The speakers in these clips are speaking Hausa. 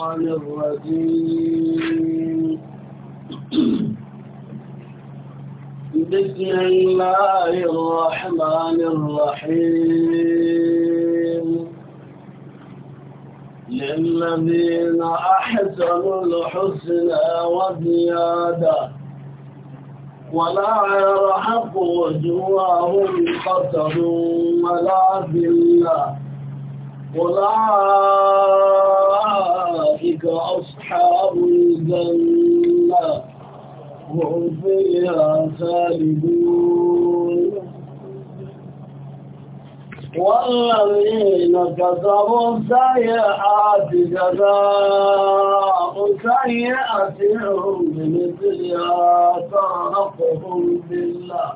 الشيطان الرجيم بسم الله الرحمن الرحيم للذين أحسنوا الحسنى وزيادة ولا يرحق وجوههم قتل ولا ذلة أولئك أولئك أصحاب الجنة هم فيها خالدون والذين كسبوا السيئات جزاء سيئتهم بمثلها تعرفهم بالله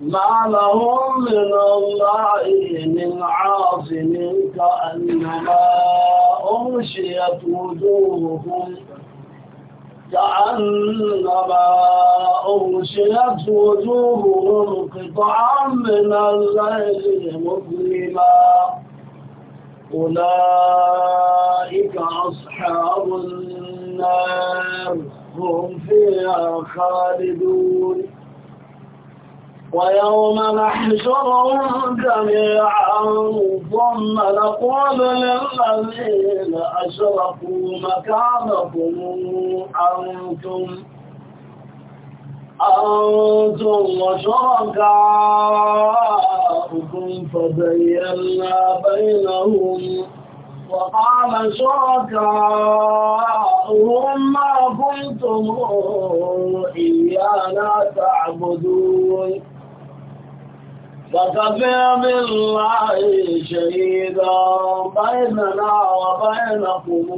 ما لهم من الله من عاصم كأنما وغشيت وجوههم كأنما أغشيت وجوههم قطعا من الليل مظلما أولئك أصحاب النار هم فيها خالدون ويوم نحشرهم جميعا ثم نقول للذين أشركوا مكانكم أنتم أنتم وشركاؤكم فبينا بينهم وقال شركاؤهم ما كنتم إيانا تعبدون وكفى بالله شهيدا بيننا وبينكم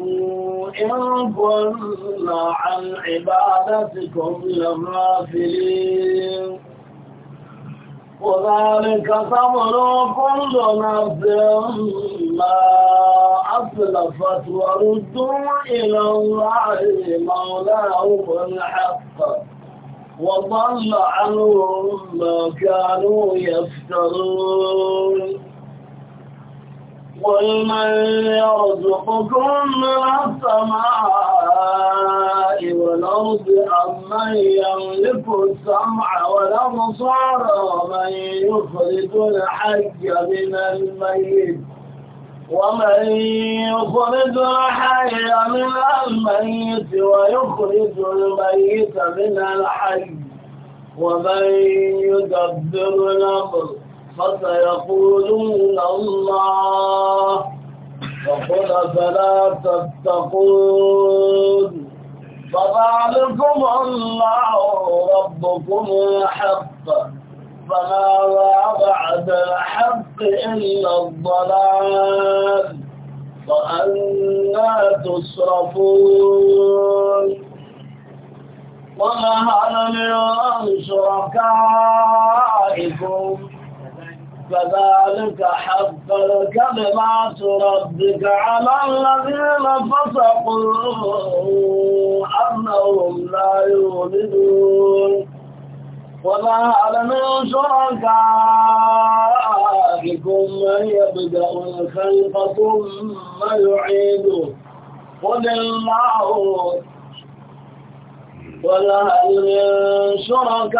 إن كنا عن عبادتكم لغافلين وذلك صبر كل نفس ما أسلفت وردوا إلى الله مولاهم الحق وضل عنهم ما كانوا يفترون قل من يرزقكم من السماء والأرض أم من يملك السمع والأبصار ومن يخرج الحج من الميت ومن يخرج الحي من الميت ويخرج الميت من الحي ومن يدبر الامر فسيقولون الله وقل فلا تتقون فذلكم الله ربكم الحق فما بعد الحق إلا الضلال وأنا تصرفون ومهل من شركائكم فذلك حق الكلمات ربك على الذين فسقوا أنهم لا يولدون وما على من شركائكم من يبدأ الخلق ثم يعيده قل الله ولا هل من شركائكم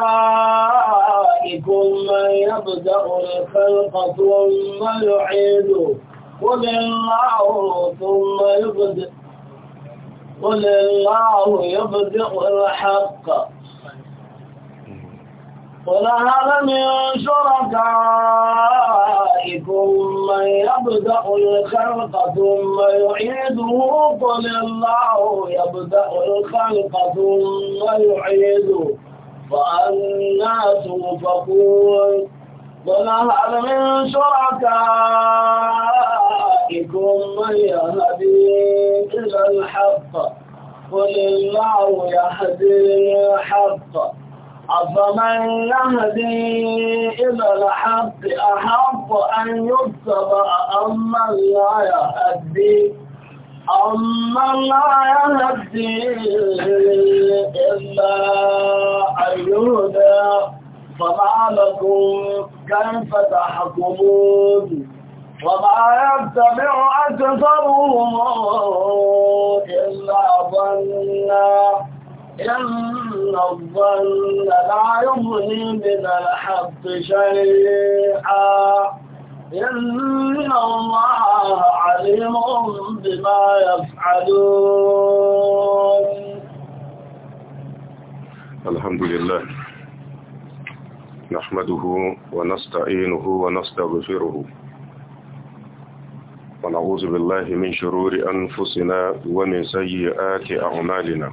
من يبدأ الخلق ثم يعيده قل الله ثم يبدأ قل الله يبدأ الحق قل هل من شركائكم من يبدأ الخلق ثم يعيده قل الله يبدأ الخلق ثم يعيده فأنا توفقون قل هل من شركائكم من يهدي إلى الحق قل الله يهدي الحق أفمن يهدي إلى الحق أحب أن يتبع أما لا يهدي أما لا يهدي إلا أن فما لكم كيف تحكمون وما يتبع أكثرهم إلا ظنا إن الظن لا يغني من الحق شيئا إن الله عليم بما يفعلون الحمد لله نحمده ونستعينه ونستغفره ونعوذ بالله من شرور أنفسنا ومن سيئات أعمالنا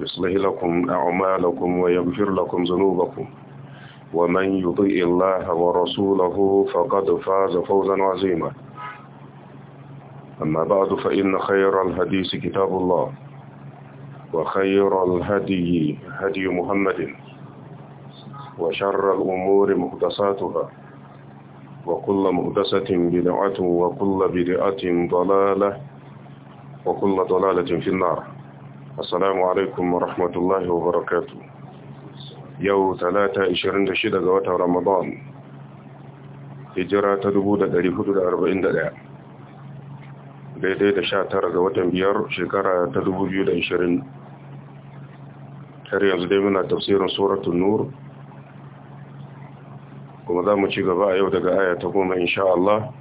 يصلح لكم أعمالكم ويغفر لكم ذنوبكم ومن يضيء الله ورسوله فقد فاز فوزا عظيما أما بعد فإن خير الحديث كتاب الله وخير الهدي هدي محمد وشر الأمور مهدساتها وكل مهدسة بدعة وكل بدعة ضلالة وكل ضلالة في النار Assalamu alaikum wa rahmatullahi wa barakatu. Yau talata 26 ga watan Ramadan, hijira ta 1441, daidai da 19 ga watan biyar shekara ta 2020. Har yanzu dai muna tafsirin Suratun Nur, kuma za mu ci gaba a yau daga aya ta goma insha Allah.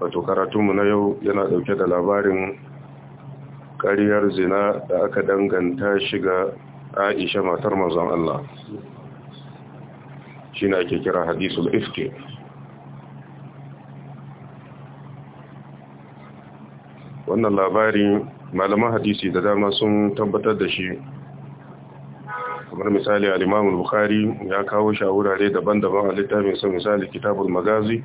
Wato karatunmu na yau yana dauke da labarin ƙaryar zina da aka danganta shiga aisha matar mazan Allah shi na ake kira hadisul ifke wannan labari malaman hadisi da dama sun tabbatar da shi kamar misali al bukari bukhari ya kawo shi a wurare daban-daban a littafin sa misali kitabul magazi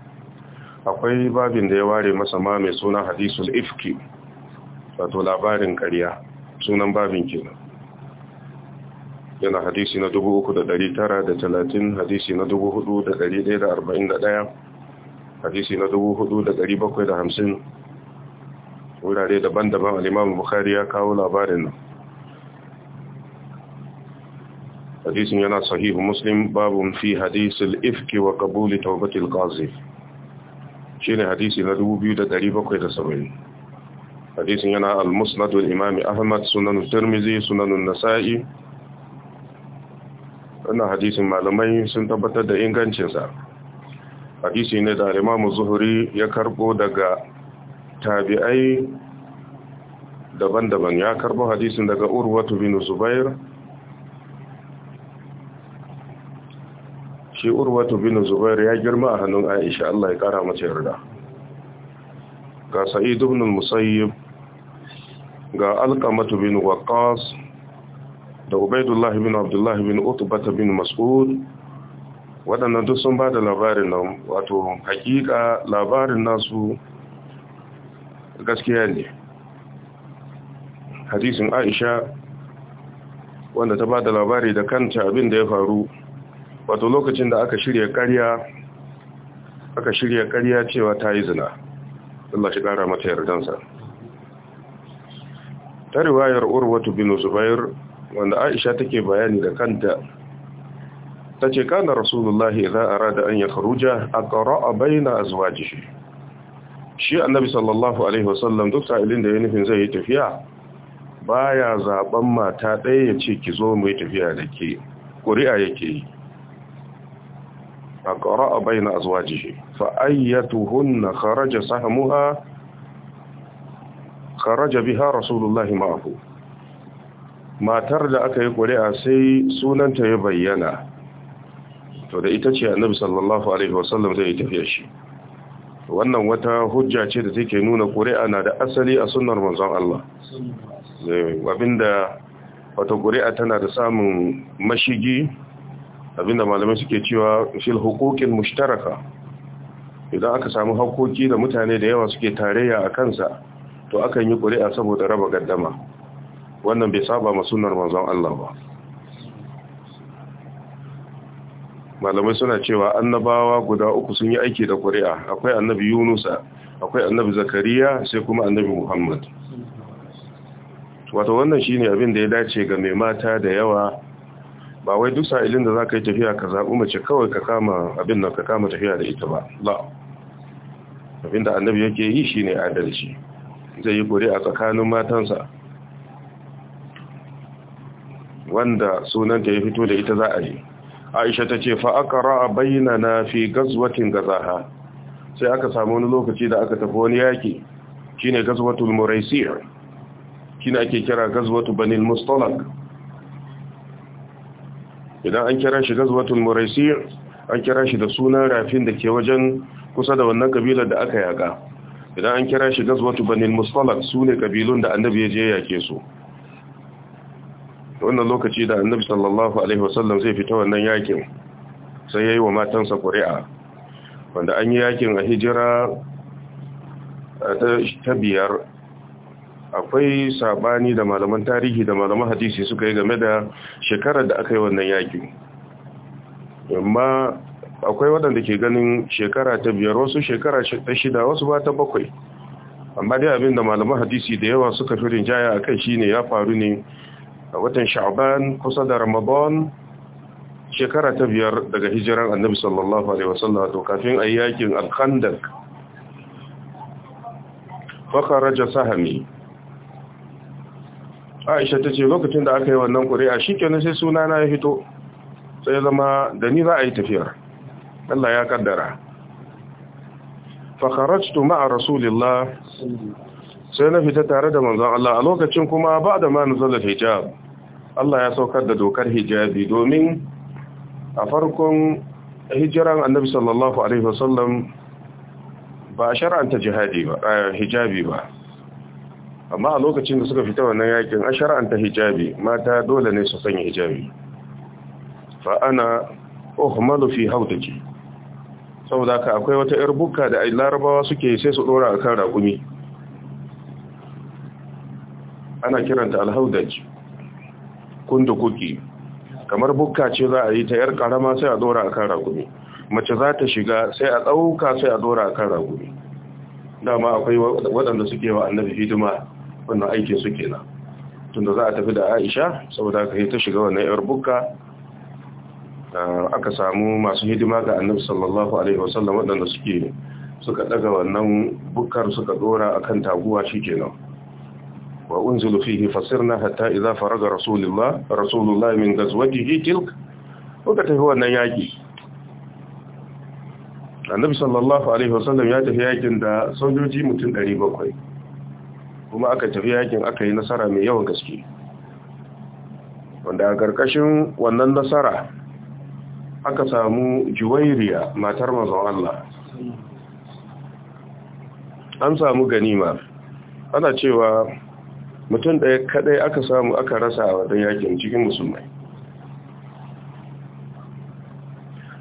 akwai babin da ya ware masa ma mai suna hadisul ifki wato labarin ƙarya sunan babin kenan yana hadisi na 3,930 hadisi na 4,141 hadisi na 4,750 wurare daban-daban alimamu bukari ya kawo labarin nan hadisin yana sahihu muslim babun fi hadisil ifki wa kabuli taubatil Shi ne hadisi na 2770 hadisin yana al-musnad al-imam ahmad sunan tirmidhi sunan an-nasa'i wannan hadisin malamai sun tabbatar da ingancinsa. hadisi ne da imam zuhuri ya karbo daga tabi'ai daban-daban ya karbo hadisin daga urwatu bin zubair shi urwatu bin zubair ya girma a hannun aisha Allah ya kara mata yarda ga sa'id ibn musayyib ga alƙamatu bin waƙas da ubaidullah bin abdullahi bin utubata bin mas'ud waɗannan duk sun ba da labarin nan wato hakika labarin nasu gaskiya ne hadisin aisha wanda ta ba da labari da kanta abin da ya faru wato lokacin da aka shirya karya aka shirya karya cewa ta yi zina Allah shi ƙara mata yardansa ta riwayar urwatu bin zubair wanda aisha take bayani da kanta ta ce kana rasulullahi a rada an yakhruja aqra'a baina azwajihi shi annabi sallallahu alaihi wasallam duk sa'ilin da ya nufin zai yi tafiya baya zaɓen mata ɗaya ya ce ki zo mu yi tafiya da ke ƙuri'a yake yi aqra'a baina azwajihi fa ayyatuhunna kharaja sahmuha kharaja biha rasulullahi ma'ahu matar da aka yi ƙuri'a sai sunanta ya bayyana to da ita ce annabi sallallahu alaihi wasallam zai tafiya shi wannan wata hujja ce da take nuna ƙuri'a na da asali a sunnar manzon Allah eh, abinda wata ƙuri'a tana da samun mashigi abinda malamai suke cewa fil hukukin mushtaraka idan aka samu hakoki da mutane da yawa suke tarayya a kansa to akan yi ƙuri'a saboda raba gaddama wannan bai saba ma manzon Allah ba malamai suna cewa annabawa guda uku sun yi aiki da ƙuri'a akwai annabi yunusa akwai annabi zakariya sai kuma annabi muhammad wato wannan shine abin da ya dace ga mai mata da yawa ba wai duk sa'ilin da zaka yi tafiya ka zabi mace kawai ka kama abin nan ka kama tafiya da ita ba la abin da annabi yake yi shine adalci zai yi a tsakanin matansa wanda sunanta ya fito da ita za a yi aisha ta ce fa'akara a bayyana na fi gazwatin gazaha sai aka samu wani lokaci da aka tafi wani yaki shine gazwatul muraisiyar shine ake kira gazwatu banil mustalak idan an kira shi gazwatul muraisiyar an kira shi da sunan rafin da ke wajen kusa da wannan kabilar da aka yaga idan an kira shi gazwatu banil mustalaq su ne kabilun da annabi ya je yake su wannan lokaci da annabi sallallahu alaihi wasallam zai fita wannan yakin sai yayi wa matansa ƙuri'a wanda an yi yakin a hijira eh, ta biyar akwai sabani da malaman tarihi da malaman hadisi suka yi game da shekarar da aka yi wannan yakin amma akwai waɗanda ke ganin shekara ta biyar wasu shekara ta shida wasu ba ta bakwai amma dai abin da malaman hadisi da yawa suka fi rinjaya a kai shi ne ya faru ne a watan sha'ban kusa da ramadan shekara ta biyar daga hijiran annabi sallallahu alaihi wasallam to kafin a yi yakin alkhandak Raja sahami aisha ta ce lokacin da aka yi wannan ƙuri'a shi kenan sai sunana ya fito sai zama da ni za a yi tafiyar Allah ya kaddara fakharajtu ma'a rasulillah sai na fita tare da manzon Allah a lokacin kuma ba da ma nuzulul hijab Allah ya saukar da dokar hijabi domin a farkon hijiran annabi sallallahu alaihi wasallam ba shar'anta jihadi ba hijabi ba amma a lokacin da suka fita wannan yakin an shar'anta hijabi mata dole ne su sanya hijabi fa ana uhmalu fi hawdaki saboda ka akwai wata yar bukka da larabawa suke sai su dora akan raƙumi ana kiranta alhaudaj kuki kamar bukka ce za a yi ta yar karama sai a dora akan raƙumi mace za ta shiga sai a ɗauka sai a dora akan raƙumi dama akwai waɗanda suke wa annabi hidima wannan aikin su kenan tunda za a tafi da Aisha saboda yi ta shiga wannan yar bukka Ah, aka samu masu hidima ga annabi sallallahu alaihi wasallam wadanda suke suka daga wannan bukkar suka dora akan taguwa shikenan wa unzilu fihi fasirna hatta idza faraga rasulullah rasulullah min gazwatihi tilk kuka tafi wannan yaki annabi sallallahu alaihi wasallam ya tafi yakin da sojoji mutum 700 kuma aka tafi yakin aka yi nasara mai yawan gaske wanda a karkashin wannan nasara aka samu juwairiya matar mazan Allah an samu ganima ana cewa mutum ɗaya kaɗai aka samu aka rasa a wadda yakin cikin musulmai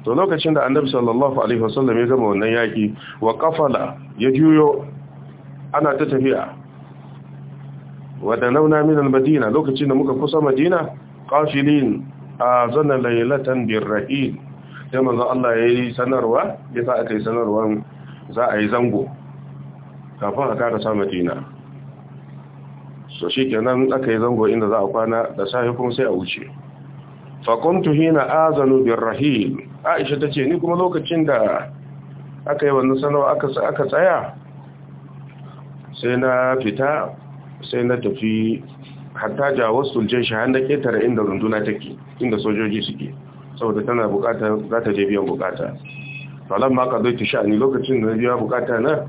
to lokacin da annabi sallallahu alaihi wasallam ya gama wannan yaki wa kafala ya juyo ana ta tafiya wadda nauna madina lokacin da muka kusa madina kafilin azana laylatan birrahil sai manzo Allah yayi sanarwa ya sa aka yi sanarwan za a yi zango kafin a kara sa Madina so shikenan aka yi zango inda za a kwana da safe kuma sai a wuce fa kuntu hina azanu birrahil Aisha tace ni kuma lokacin da aka yi wannan sanarwa aka tsaya sai na fita sai na tafi hatta jawasul jeshi har na ketare inda runduna take inda sojoji suke saboda tana bukata za ta je biyan bukata falon ma ka zai ta sha'ani lokacin da biya bukata na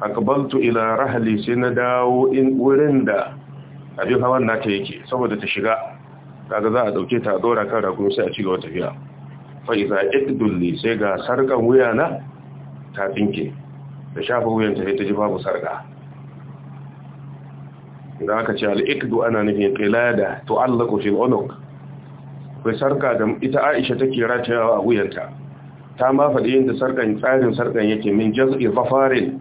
akabaltu ila rahali sai na dawo in wurin da abin hawan nata yake saboda ta shiga daga za a dauke ta dora kan ragu sai a ci gaba tafiya fa iza iqdulli sai ga sarkan wuya na ta tsinke da shafa wuyan ta sai ta ji babu sarka da aka ce al'ikdu ana nufin qilada tu'allaqu fil onok kai sarka da ita Aisha take ratayawa a wuyanta ta ma faɗi yadda sarkan tsarin sarkan yake min jaz'i zafarin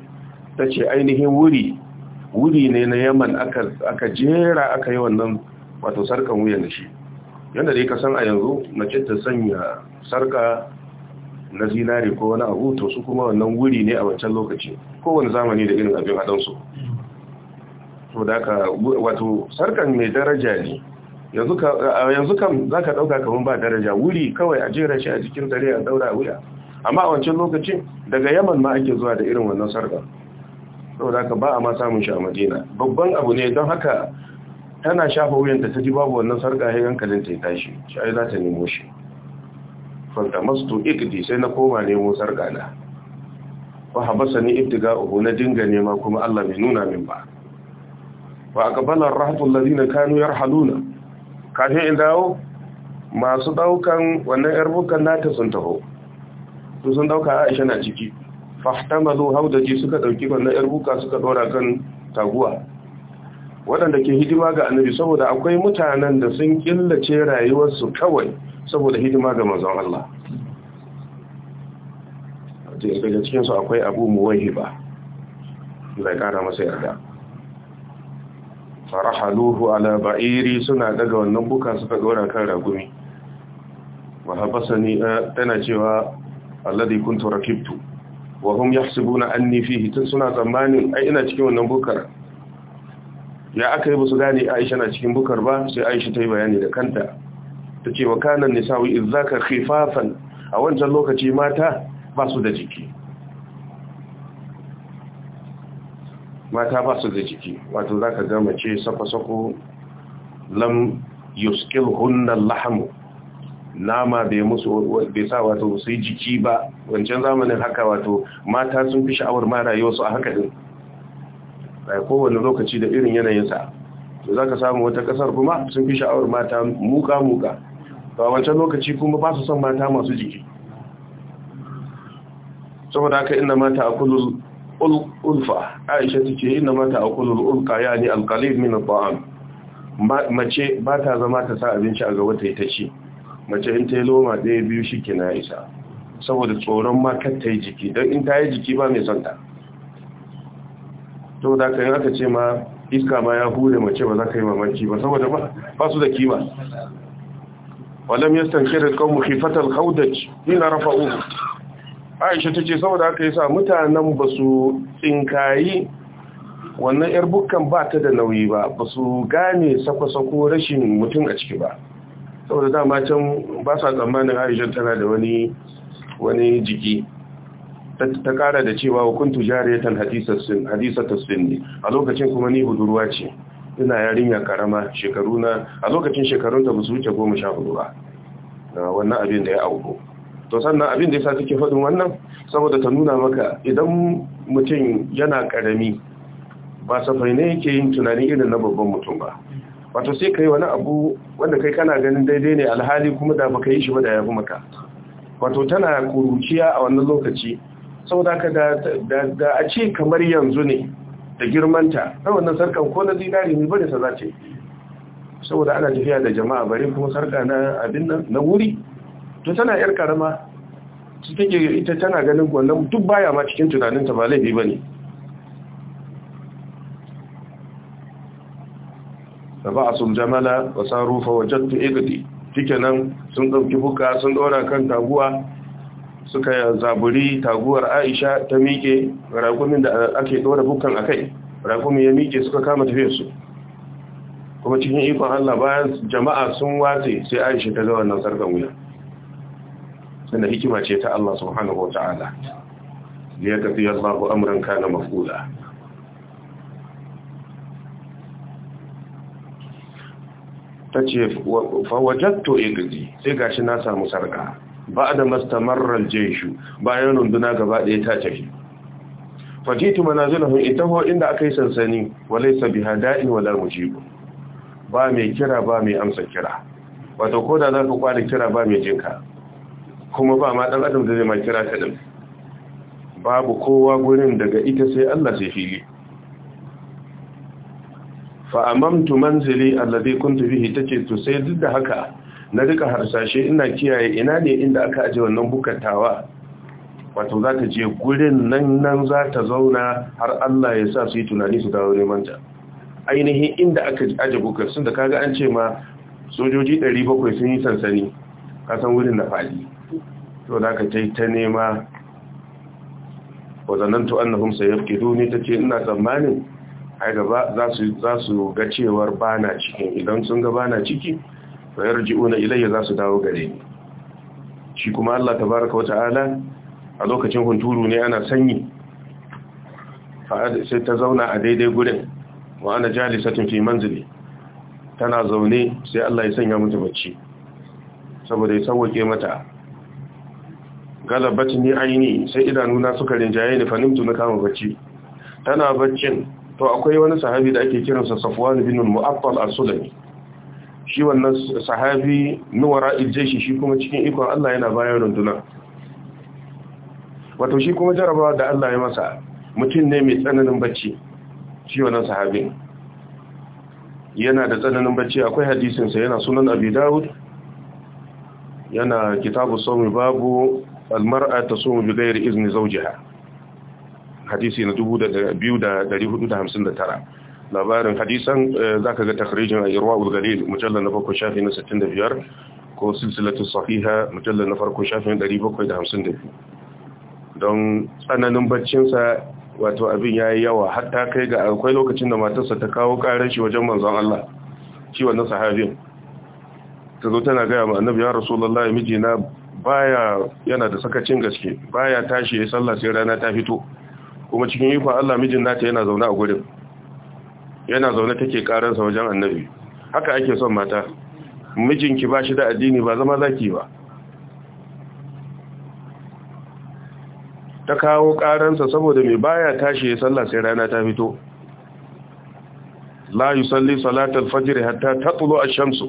ce ainihin wuri wuri ne na Yaman aka jera aka yi wannan wato sarkan wuyan da shi Yadda dai ka san a yanzu mace ta sanya sarka na zinari ko wani abu to su kuma wannan wuri ne a wancan lokaci kowane zamani da irin abin hadansu to ka wato sarkan mai daraja ne yanzu kam za ka ɗauka kamar ba daraja wuri kawai a jera shi a jikin dare a daura wuya amma a wancan lokacin daga yaman ma ake zuwa da irin wannan sarka saboda ka ba a ma samun shi a madina babban abu ne don haka tana shafa wuyanta ta ji babu wannan sarka ya hankalin ta ya tashi shi ai za ta nemo shi fanta mastu ikdi sai na koma nemo sarka na Ba habasa ni ibtiga uhu na dinga nema kuma Allah bai nuna min ba Wa a gabanar rahatun lalina kanu yar haluna kafin in dawo masu daukan wannan yar nata sun taho su sun dauka aisha na ciki fahtamalu haudaji suka dauki wannan yar buka suka dora kan taguwa waɗanda ke hidima ga annabi saboda akwai mutanen da sun killace rayuwarsu kawai saboda hidima ga manzon Allah cikin cikinsu akwai abu muwaihi ba zai kara masa yarda farahaluhu ala ba'iri suna daga wannan buka suka dora kan ragumi wahabasani eh, tana cewa alladhi kuntu rakibtu wa hum yahsibuna anni fihi tun suna tsammanin ai ina cikin wannan bukar ya aka yi musu gane Aisha na cikin bukar ba sai Aisha ta yi bayani da kanta tace wa kana nisa'u idzaka khifafan a wancan lokaci mata ba su da jiki mata ba su da jiki wato za ka gama ce sako-sako lam yuskil hunnan lahamu nama bai musu bai sa wato su yi jiki ba wancan zamanin haka wato mata sun fi sha'awar ma wasu a haka din a kowane lokaci da irin yanayinsa to za ka samu wata kasar kuma sun fi sha'awar mata muka-muka ba wancan lokaci kuma ba su son mata masu jiki saboda haka inda mata a kullum ulfa aisha ta ce ina mata a kulul ulka ya ne alkalif min ta'am mace ba ta zama ta sa abinci a gaba ta ita ta mace in ta yi loma ɗaya biyu shi ke na isa saboda tsoron makar ta yi jiki don in ta yi jiki ba mai santa to da kan aka ce ma iska ma ya hure mace ba za ka yi mamaki ba saboda ba su da kima walam yastankir alqawm khifatal alkhawdaj ina rafa'u aisha ta ce saboda aka yi sa mutanen ba su tsinkayi wannan yar bukkan ba ta da nauyi ba ba su gane sako-sako rashin mutum a ciki ba saboda dama can ba sa tsammanin aisha tana da wani jiki ta kara da cewa hukuntu jariyatan hadisatar sin ne a lokacin kuma ni budurwa ce ina yarinya karama shekaru a lokacin shekarunta ba su wuce goma sha hudu ba wannan abin da ya auku to sannan abin da ya sa suke faɗin wannan saboda ta nuna maka idan mutum yana ƙarami ba safai ne yake yin tunani irin na babban mutum ba wato sai ka yi wani abu wanda kai kana ganin daidai ne alhali kuma da baka yi shi ba da yafi maka wato tana kuruciya a wannan lokaci saboda ka da a ce kamar yanzu ne da girmanta ta wannan sarkan ko na zinari ne bane sa za ce saboda ana tafiya da jama'a bari, kuma sarka na abin na wuri to tana yar karama su take ita tana ganin wannan duk baya ma cikin tunaninta ba laifi ba ne. bane saba'asun jamala wa sarufa wa jattu igdi nan sun dauki buka sun dora kan taguwa suka zaburi taguwar Aisha ta miƙe raƙumin da ake dora bukan kai, raƙumin ya miƙe suka kama tafiyar kuma cikin ikon Allah bayan jama'a sun wace sai Aisha ta ga wannan sarkan wuya tunda hikima ce ta Allah subhanahu wa ta'ala ya tafi Allahu amran kana mafula ce fa ya gaji, sai gashi na samu sarka da masta marar jeshu bayan runduna gaba daya ta tafi fajitu ita ho inda yi sansani walaysa bihada'in wala mujib ba mai kira ba mai amsa kira wato koda ka kwada kira ba mai jinka kuma ba ma dan adam da zai ma kira ta din babu kowa gurin daga ita sai Allah sai fili fa amamtu manzili alladhi kuntu fihi tace to sai duk da haka na duka harsashe ina kiyaye ina ne inda aka aje wannan bukatawa wato za ta je gurin nan nan za ta zauna har Allah ya sa su yi tunani su dawo neman ta ainihin inda aka aje bukatun da kaga an ce ma sojoji 700 sun yi sansani kasan wurin na fadi to da ka tai ta nema wazanantu annahum sayafqiduni tace ina tsammanin ai gaba za su za su ga cewar bana cikin idan sun ga bana ciki fa yarji'una ilayya za su dawo gare ni shi kuma Allah tabaaraka wata'ala a lokacin hunturu ne ana sanyi sai ta zauna a daidai gurin wa ana jalisatin fi manzili tana zaune sai Allah ya sanya mata bacci saboda ya sauke mata galabat ni aini sai idanuna suka rinjaye ni fanimtu na kama bacci tana baccin to akwai wani sahabi da ake kiransa Safwan bin Mu'attal al-Sulami shi wannan sahabi nuwara ijeshi shi kuma cikin ikon Allah yana bayan runduna wato shi kuma jarabawa da Allah ya masa mutum ne mai tsananin bacci shi wannan sahabi yana da tsananin bacci akwai hadisin sa yana sunan Abi Dawud yana kitabu sawmi babu almar'a ta so bi gairi izini zaujiha hadisi na 2459 labarin hadisan za ka ga takarijin a irwa ulgalil mujallar na farko shafi na 65 ko silsilatu sahiha mujallar na farko shafi na 752 don tsananin baccinsa wato abin ya yi yawa hatta kai ga akwai lokacin da matarsa ta kawo karin shi wajen manzon Allah shi wannan sahabin ta zo tana gaya annabi ya rasulullahi mijina baya yana da sakacin gaske baya tashi ya sallah sai rana ta fito kuma cikin yi Allah mijin nata yana zaune a gurin yana zaune take sa wajen annabi haka ake son mata mijinki ba shi da addini ba zama zaki ba ta kawo sa saboda mai baya tashi ya sallah sai rana ta fito la yusalli salatul fajr hatta tatlu ash-shamsu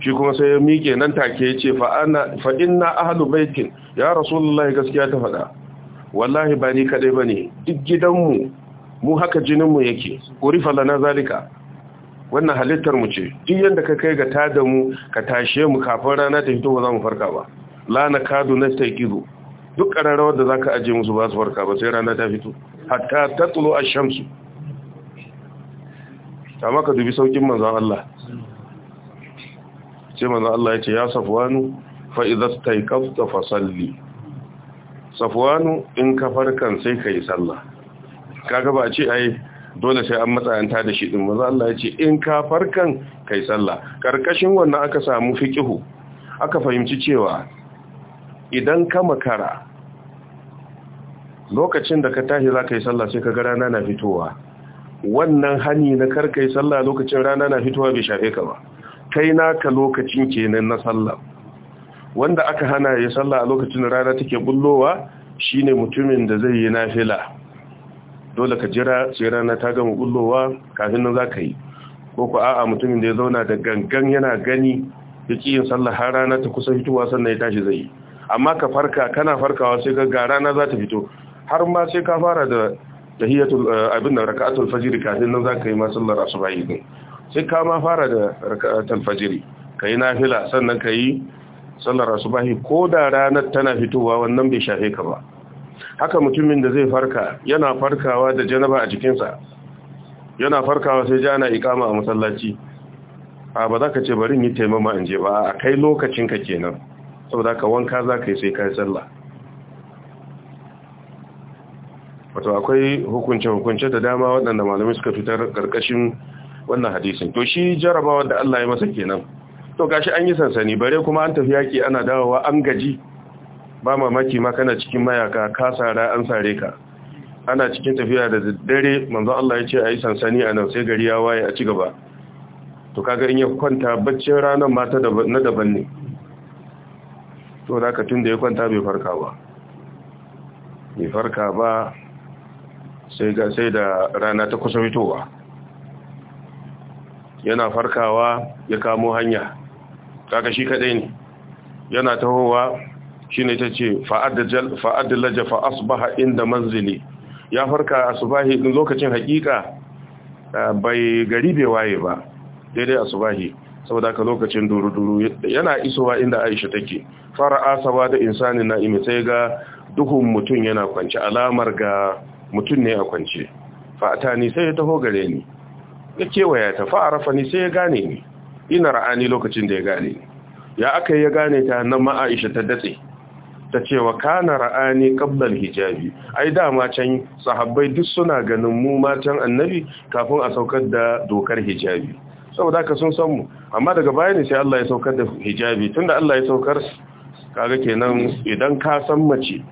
shi kuma sai ya miƙe nan take ya ce fa inna ahlu baitin ya rasulullahi gaskiya ta faɗa wallahi ba ni kaɗai ba ne duk gidanmu mu haka jininmu yake ƙurifa na, zalika wannan halittar mu ce duk yadda ka kai ga tada mu ka tashe mu kafin rana ta fito ba za mu farka ba Lana na kadu na duk ƙararrawar da za ka aje musu ba su farka ba sai rana ta fito hatta ta tsulo a shamsu Ta maka dubi saukin manzan Allah sai manzo Allah ya ce ya safwanu fa idza staiqafta fasalli? salli safwanu in ka farkan sai kai sallah kaga ba a ce ai dole sai an matsayanta da shi din manzo Allah ya ce in ka farkan kai sallah karkashin wannan aka samu fiqihu aka fahimci cewa idan ka makara lokacin da ka tashi za ka yi sallah sai ka ga rana na fitowa wannan hani na karkai sallah lokacin rana na fitowa bai shafe ka ba kai naka lokacin kenan na sallah wanda aka hana ya sallah a lokacin rana take bullowa shine mutumin da zai yi nafila dole ka jira sai rana ta gama bullowa kafin nan zaka yi ko ku a'a mutumin da ya zauna da gangan yana gani yake yin sallah har rana ta kusa fitowa sannan ya tashi zai amma ka farka kana farkawa sai ga rana za ta fito har ma sai ka fara da tahiyatul eh, abin da raka'atul fajr kafin nan zaka yi ma sallar asuba ne. sai ka ma fara da raka'atul fajiri kai nafila sannan kai sallar asubahi ko da ranar tana fitowa wannan bai shafe ka ba haka mutumin da zai farka yana farkawa da janaba a jikinsa yana farkawa sai jana ana ikama a masallaci a ba za ka ce bari yi taimama in je ba a kai lokacinka kenan saboda ka wanka za ka yi sai kai sallah wato akwai hukunce-hukunce da dama waɗanda malamai suka fitar ƙarƙashin wannan hadisin to shi jarabawa da Allah ya masa kenan to gashi an yi sansani bare kuma an tafi yaki ana dawowa an gaji ba mamaki ma kana cikin mayaka ka sara an sare ka ana cikin tafiya da dare manzo Allah ya ce a yi sansani a nan sai gari ya waye a cigaba to kaga in ya kwanta baccin ranar mata na daban ne to da ka tunda ya kwanta bai farka ba bai farka ba sai sai da rana ta kusa fitowa yana farkawa ya kamo hanya kaka shi kadai ne yana tahowa shine tace fa'adajal fa'adlaja fa asbaha inda manzili ya farka asbahi din lokacin hakika bai gari bai waye ba daidai asbahi saboda ka lokacin duru-duru yana isowa inda Aisha take fara'a saba da na na sai ga duhun mutum yana kwance alamar ga mutum ne a kwance fa'ata ni sai ya taho gare ni ya kewaya ta fa'arafa ni sai ya gane ni ina ra'ani lokacin da ya gane ni ya aka yi ya gane ta nan ma ta datse ta ce wa kana ra'ani kabbal hijabi ai dama can sahabbai duk suna ganin mu matan annabi kafin a saukar da dokar hijabi saboda ka sun san mu amma daga baya ne sai Allah ya saukar da hijabi tunda Allah ya saukar kaga kenan idan ka san mace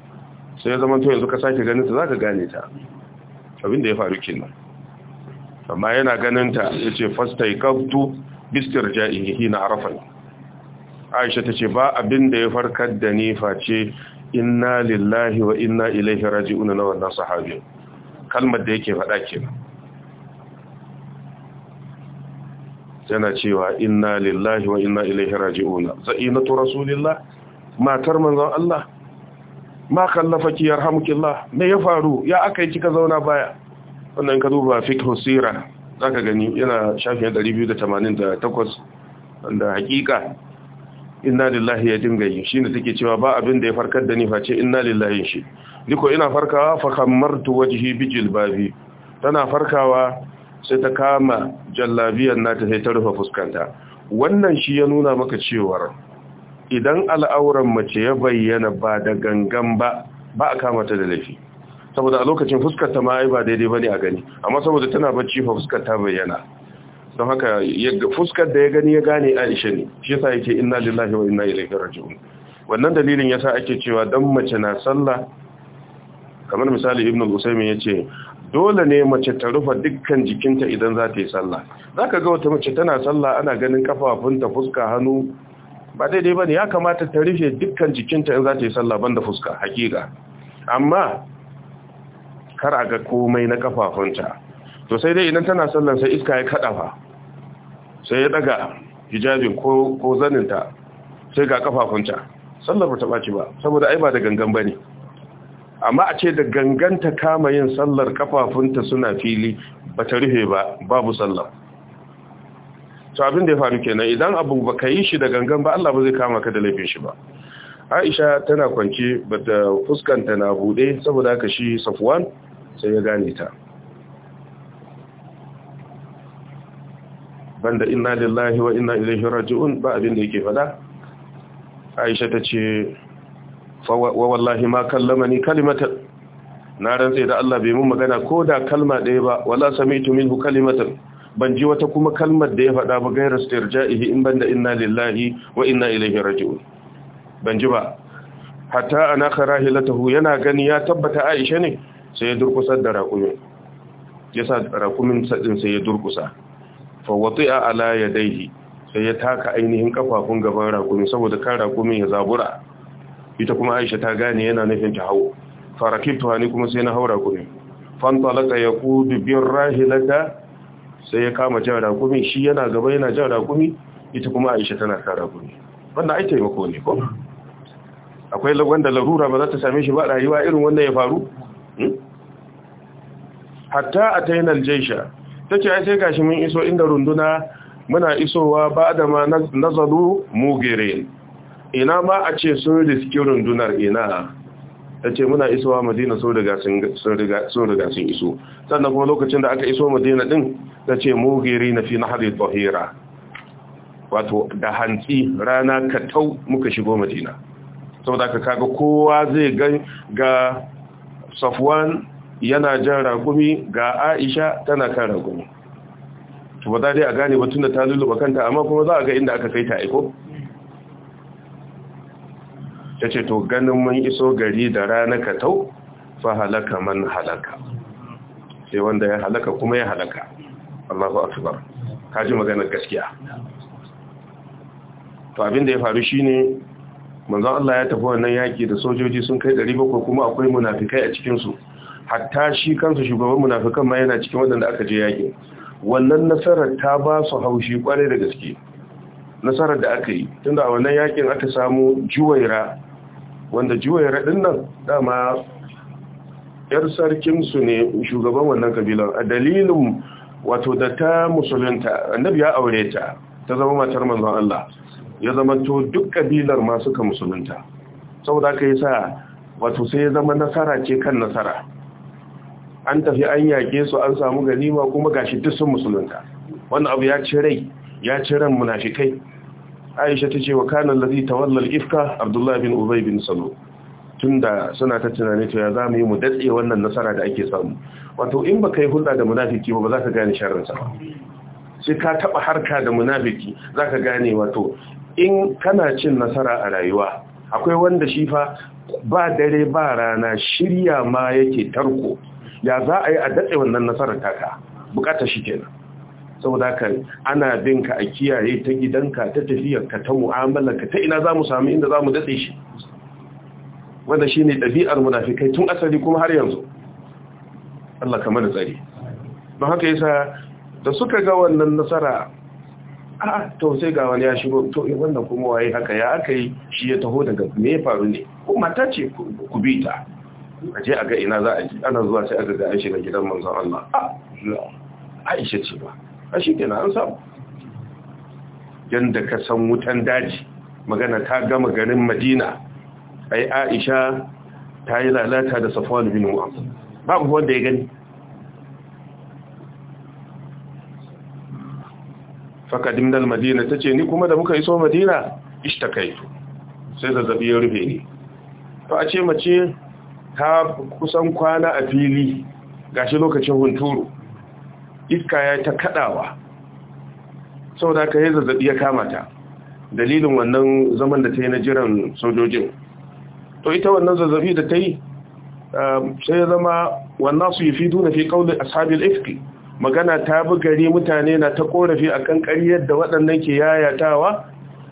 sai ya zama to yanzu ka sake ganin ta zaka gane ta abin da ya faru kenan amma yana ganin ta yace bistir bistirja'ihi na arafa Aisha tace ba abin da ya farkar da ni face inna lillahi wa inna ilaihi raji'un na wannan sahabi kalmar da yake faɗa kenan yana cewa inna lillahi wa inna ilaihi raji'un zainatu rasulillah matar manzon Allah ma kallafaki yarhamukillah me ya faru ya akai kika zauna baya wannan ka duba fiqh sira zaka gani yana shafin 288 wanda hakika inna lillahi ya dinga shine take cewa ba abin da ya farkar da ni face inna lillahi shi diko ina farkawa fa kammartu wajhi bi jilbabi tana farkawa sai ta kama jallabiyan nata sai ta rufe fuskanta wannan shi ya nuna maka cewa idan al'auran mace ya bayyana ba da gangan ba ba a kamata da laifi saboda a lokacin fuskar ta ma ai ba daidai bane a gani amma saboda tana bacci fa fuskar ta bayyana don haka fuskar da ya gani ya gane Aisha ne shi yasa yake inna lillahi wa inna ilaihi raji'un wannan dalilin yasa ake cewa dan mace na sallah kamar misali Ibn al-Usaymin yace dole ne mace ta rufe dukkan jikinta idan za ta yi sallah zaka ga wata mace tana sallah ana ganin kafafunta fuska hannu ba daidai bane ya kamata ta rufe dukkan jikinta in za ta yi sallah banda fuska hakika amma kar a ga komai na kafafunta to sai dai idan tana sallan sai iska ya kada fa sai ya daga hijabin ko ko zaninta sai ga kafafunta sallar ba ta baci ba saboda ai ba da gangan bane amma a ce da gangan ta kama yin sallar kafafunta suna fili ba ta rufe ba babu sallar to abin da ya faru kenan idan abu baka yi shi da gangan ba Allah ba zai kama ka da laifin shi ba aisha tana kwance bata fuskanta na bude saboda haka shi safuwan sai ya gane ta banda inna lillahi wa inna ilaihi raji'un ba abin da yake fada aisha ta ce wa wallahi ma kallamani kalimatan na rantse da Allah bai mun magana ko da kalma ɗaya ba wala sami'tu minhu kalimatan ban ji wata kuma kalmar da ya faɗa ba gairar istirja'ihi in banda inna lillahi wa inna ilaihi raji'un ban ji ba hatta ana karahilatahu yana gani ya tabbata Aisha ne sai ya durkusa da raqumin yasa raƙumin sadin sai ya durkusa fa wati'a ala yadayhi sai ya taka ainihin kafafun gaban raqumin saboda kan raqumin ya zabura ita kuma Aisha ta gane yana nufin ta hawo fa rakibtu ani kuma sai na haura raƙumin fantalaka yaqudu bi rahilata sai ya kama jan raqumin shi yana gaba yana jan raƙumi ita kuma Aisha tana kan raƙumi wannan ai taimako ne ko akwai wanda larura ba za ta same shi ba rayuwa irin wanda ya faru hmm? hatta a tainar jaisha ta ce sai gashi mun iso inda runduna muna isowa ba da ma nazaru mugere ina ma a ce sun riski rundunar ina ta ce muna isowa madina sun riga sun iso sannan kuma lokacin da aka iso madina din ta ce mugere na fi na hadin bahira wato da hantsi rana katau muka shigo madina saboda ka kaga kowa zai gan ga safwan yana jan ragumi ga aisha tana kan ragumi to ba dai a gane ba tunda ta lullu kanta amma kuma za a ga inda aka kai ta aiko ta ce to ganin mun iso gari da rana ka tau fa halaka man halaka sai wanda ya halaka kuma ya halaka Allahu akbar kaji maganar gaskiya to abin da ya faru shine manzon Allah ya tafi wannan yaki da sojoji sun kai 700 kuma akwai munafikai a cikin su hatta shi kansu shugaban munafikan ma yana cikin wadanda aka je yakin wannan nasarar ta ba su haushi kware da gaske nasarar da aka yi tunda a wannan yakin aka samu juwaira wanda juwaira din nan dama yar sarkin su ne shugaban wannan kabilan a dalilin wato da ta musulunta annabi ya aure ta ta zama matar manzon Allah ya zama to duk kabilar masu ka musulunta saboda aka yi sa wato sai ya zama nasara ce kan nasara an tafi an yaƙe su an samu ganima kuma gashi duk sun musulunta wannan abu ya ci rai ya ci ran munafikai aisha ta ce wa kana allazi tawalla al-ifka abdullah bin ubay bin salul tunda suna ta tunani to ya zamu yi mu datse wannan nasara da ake samu wato in baka yi hulɗa da munafiki ba ba za ka gane sharrin sa sai ka taɓa harka da munafiki ka gane wato in kana cin nasara a rayuwa akwai wanda shi fa ba dare ba rana shirya ma yake tarko ya za a yi a datse wannan nasarar taka bukatar shi kenan saboda ka ana bin ka a kiyaye ta gidanka ta tafiyar ka ta mu'amalarka ta ina za mu sami inda za mu daɗe shi wanda shi ne ɗabi'ar munafikai tun asali kuma har yanzu Allah kamar da tsari don haka yasa da suka ga wannan nasara a to sai ga wani ya shigo to eh, wannan kuma waye haka ya aka yi shi ya taho daga me ya faru ne ko mata ce ku bi ta a je a ga ina za a ji ana zuwa sai aka ga an shiga gidan manzon Allah ah, a Aisha ce ba a shi kenan an samu yanda ka san wutan daji magana ta gama garin Madina ai Aisha ta yi lalata da Safwan bin Mu'adh babu wanda ya gani fakadimnal madina tace ni kuma da muka iso madina ishtakaitu sai zazzabi ya rufe ni to a ce mace ta kusan kwana a fili gashi lokacin hunturu iska ya ta kadawa saboda ka yi zazzabi ya kama ta dalilin wannan zaman da ta yi na jiran sojojin to ita wannan zazzabi da ta yi eh, sai zama wannan su yi fi duna fi kauli ashabil ifki magana ta bi gari mutane na ta korafi a kan ƙaryar da waɗannan ke yayatawa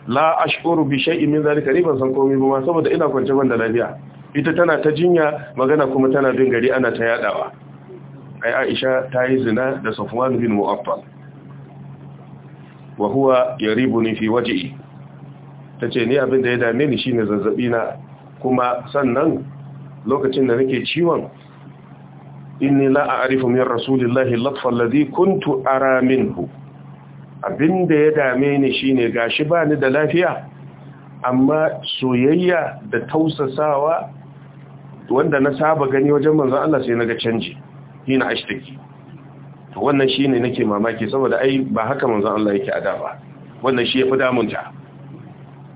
la ashkuru bi shay'in min zalika ni ban san komai ba saboda ina kwance ban da lafiya ita tana ta jinya magana kuma tana bin gari ana ta yadawa ai Aisha ta yi zina da Safwan bin Mu'affal wa huwa yaribuni fi waji'i tace ni abin da ya dame ni shine zazzabi na kuma sannan lokacin da nake ciwon inni la a'rifu min rasulillahi latfa alladhi kuntu ara minhu abinda ya dame ni shine gashi bani da lafiya amma soyayya da tausasawa wanda na saba gani wajen manzon Allah sai naga canji hina ashtaki to wannan shine nake mamaki saboda ai ba haka manzon Allah yake ada ba wannan shi yafi damunta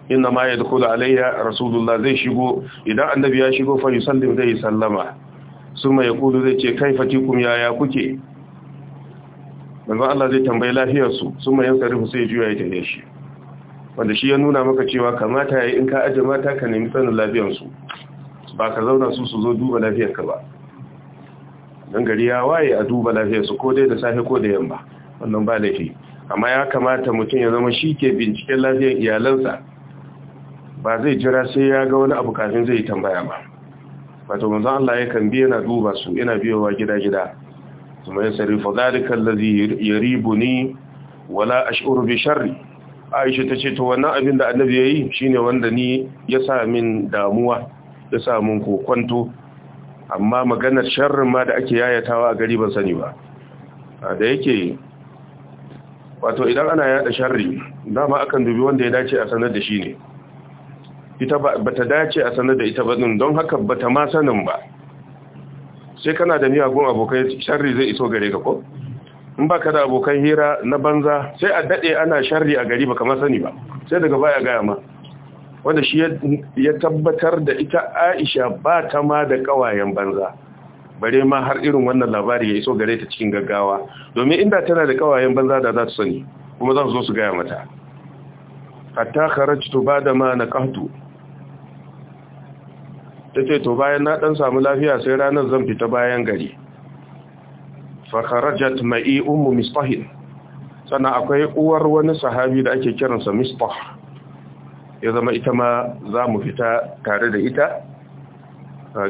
inna ma yadkhulu alayya rasulullah zai shigo idan annabi ya shigo fa yusallim zai sallama sun mai kudu zai ce kai fatikun yaya kuke manzo Allah zai tambayi lafiyarsu sun mai yankari sai juya ya tare shi wanda shi ya nuna maka cewa kamata yayi in ka aje mata ka nemi sanin lafiyarsu ba ka zauna su su zo duba lafiyarka ba dan gari ya waye a duba lafiyarsu ko dai da safe ko da yamma wannan ba laifi amma ya kamata mutum ya zama shi ke binciken lafiyar iyalansa ba zai jira sai ya ga wani abu kafin zai tambaya ba wato manzon Allah yakan bi yana duba su yana biyowa gida-gida kuma ya sari fa zalika allazi yaribuni wala ash'uru bi sharri Aisha tace to wannan abin da Annabi yayi shine wanda ni ya sa min damuwa ya sa min kokonto amma maganar sharrin ma da ake yayatawa a gari ban sani ba da yake wato idan ana yada sharri dama akan dubi wanda ya dace a sanar da shi ne ita ba ta dace a sanar da ita ba din don haka ba ta ma sanin ba sai kana da miyagun abokai sharri zai iso gare ka ko in ba ka da abokan hira na banza sai a daɗe ana sharri a gari ba kama sani ba sai daga baya gaya ma wanda shi ya tabbatar da ita aisha ba ta ma da ƙawayen banza bare ma har irin wannan labari ya iso gare ta cikin gaggawa domin inda tana da ƙawayen banza da za su sani kuma za su zo su gaya mata hatta kharajtu bada ma naqahtu ta ce to bayan na ɗan samu lafiya sai ranar zan fita bayan gari fakharajat ma'i ummu mistahin sannan akwai uwar wani sahabi da ake kiransa mistah ya zama ita ma za mu fita tare da ita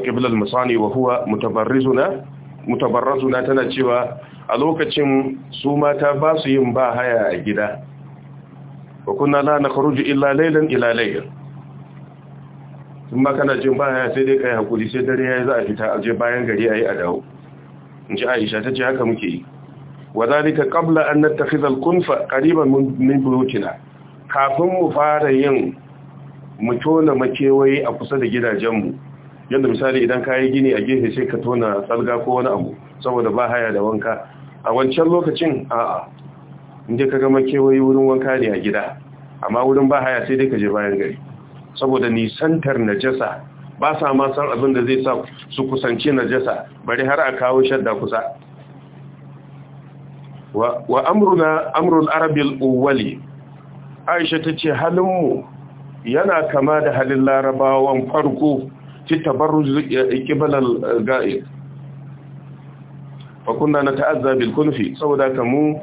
ƙiblar musani wa huwa mutabarrazuna tana cewa a lokacin su mata ba su yin ba haya a gida wa kuna la na illa lailan ila lailan in ba kana jin baya sai dai kai hakuri sai dare yi za a fita a je bayan gari ayi a dawo in ji Aisha ta ce haka muke yi wa zalika qabla an nattakhidha al-kunfa qariban min buyutina kafin mu fara yin mu tona makewayi a kusa da gidajen mu yanda misali idan kayi gini a gefe sai ka tona tsalga ko wani abu saboda ba haya da wanka a wancan lokacin a'a inda ka ga makewayi wurin wanka ne a gida amma wurin ba haya sai dai ka je bayan gari saboda nisantar najasa ba sa ma san abin da zai sa su kusanci najasa bari har a kawo shadda kusa wa amruna amrul arabil awwali aisha tace mu yana kama da halin larabawan farko fi tabarruz qibalal ga'ib fa kunna nata'azza bil kunfi saboda kamu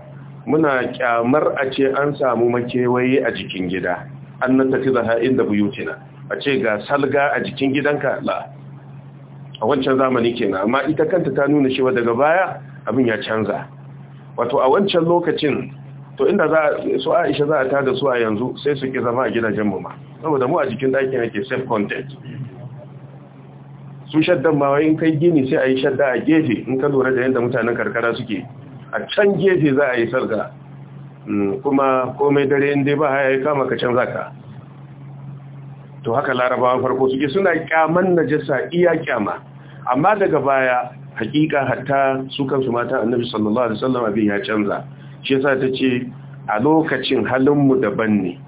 muna kyamar a ce an samu makewaye a jikin gida an nattakizaha inda buyutina a ce ga salga a jikin gidanka la a wancan zamani kenan amma ita kanta ta nuna cewa daga baya abin ya canza wato a wancan lokacin to inda za su Aisha za a tada su a yanzu sai su ki zama a gidajen mu ma saboda mu a jikin ɗakin yake safe content su shaddan ma in kai gini sai a yi shadda a gefe in ka lura da yadda mutanen karkara suke a can gefe za a yi sarga Mm, kuma komai dare inda ba ya yi kama ka canza ka to haka larabawan farko suke suna kyaman najasa iya kyama amma daga baya hakika hatta su kansu mata annabi sallallahu alaihi wasallam abin ya canza shi yasa ce a lokacin halin mu daban ne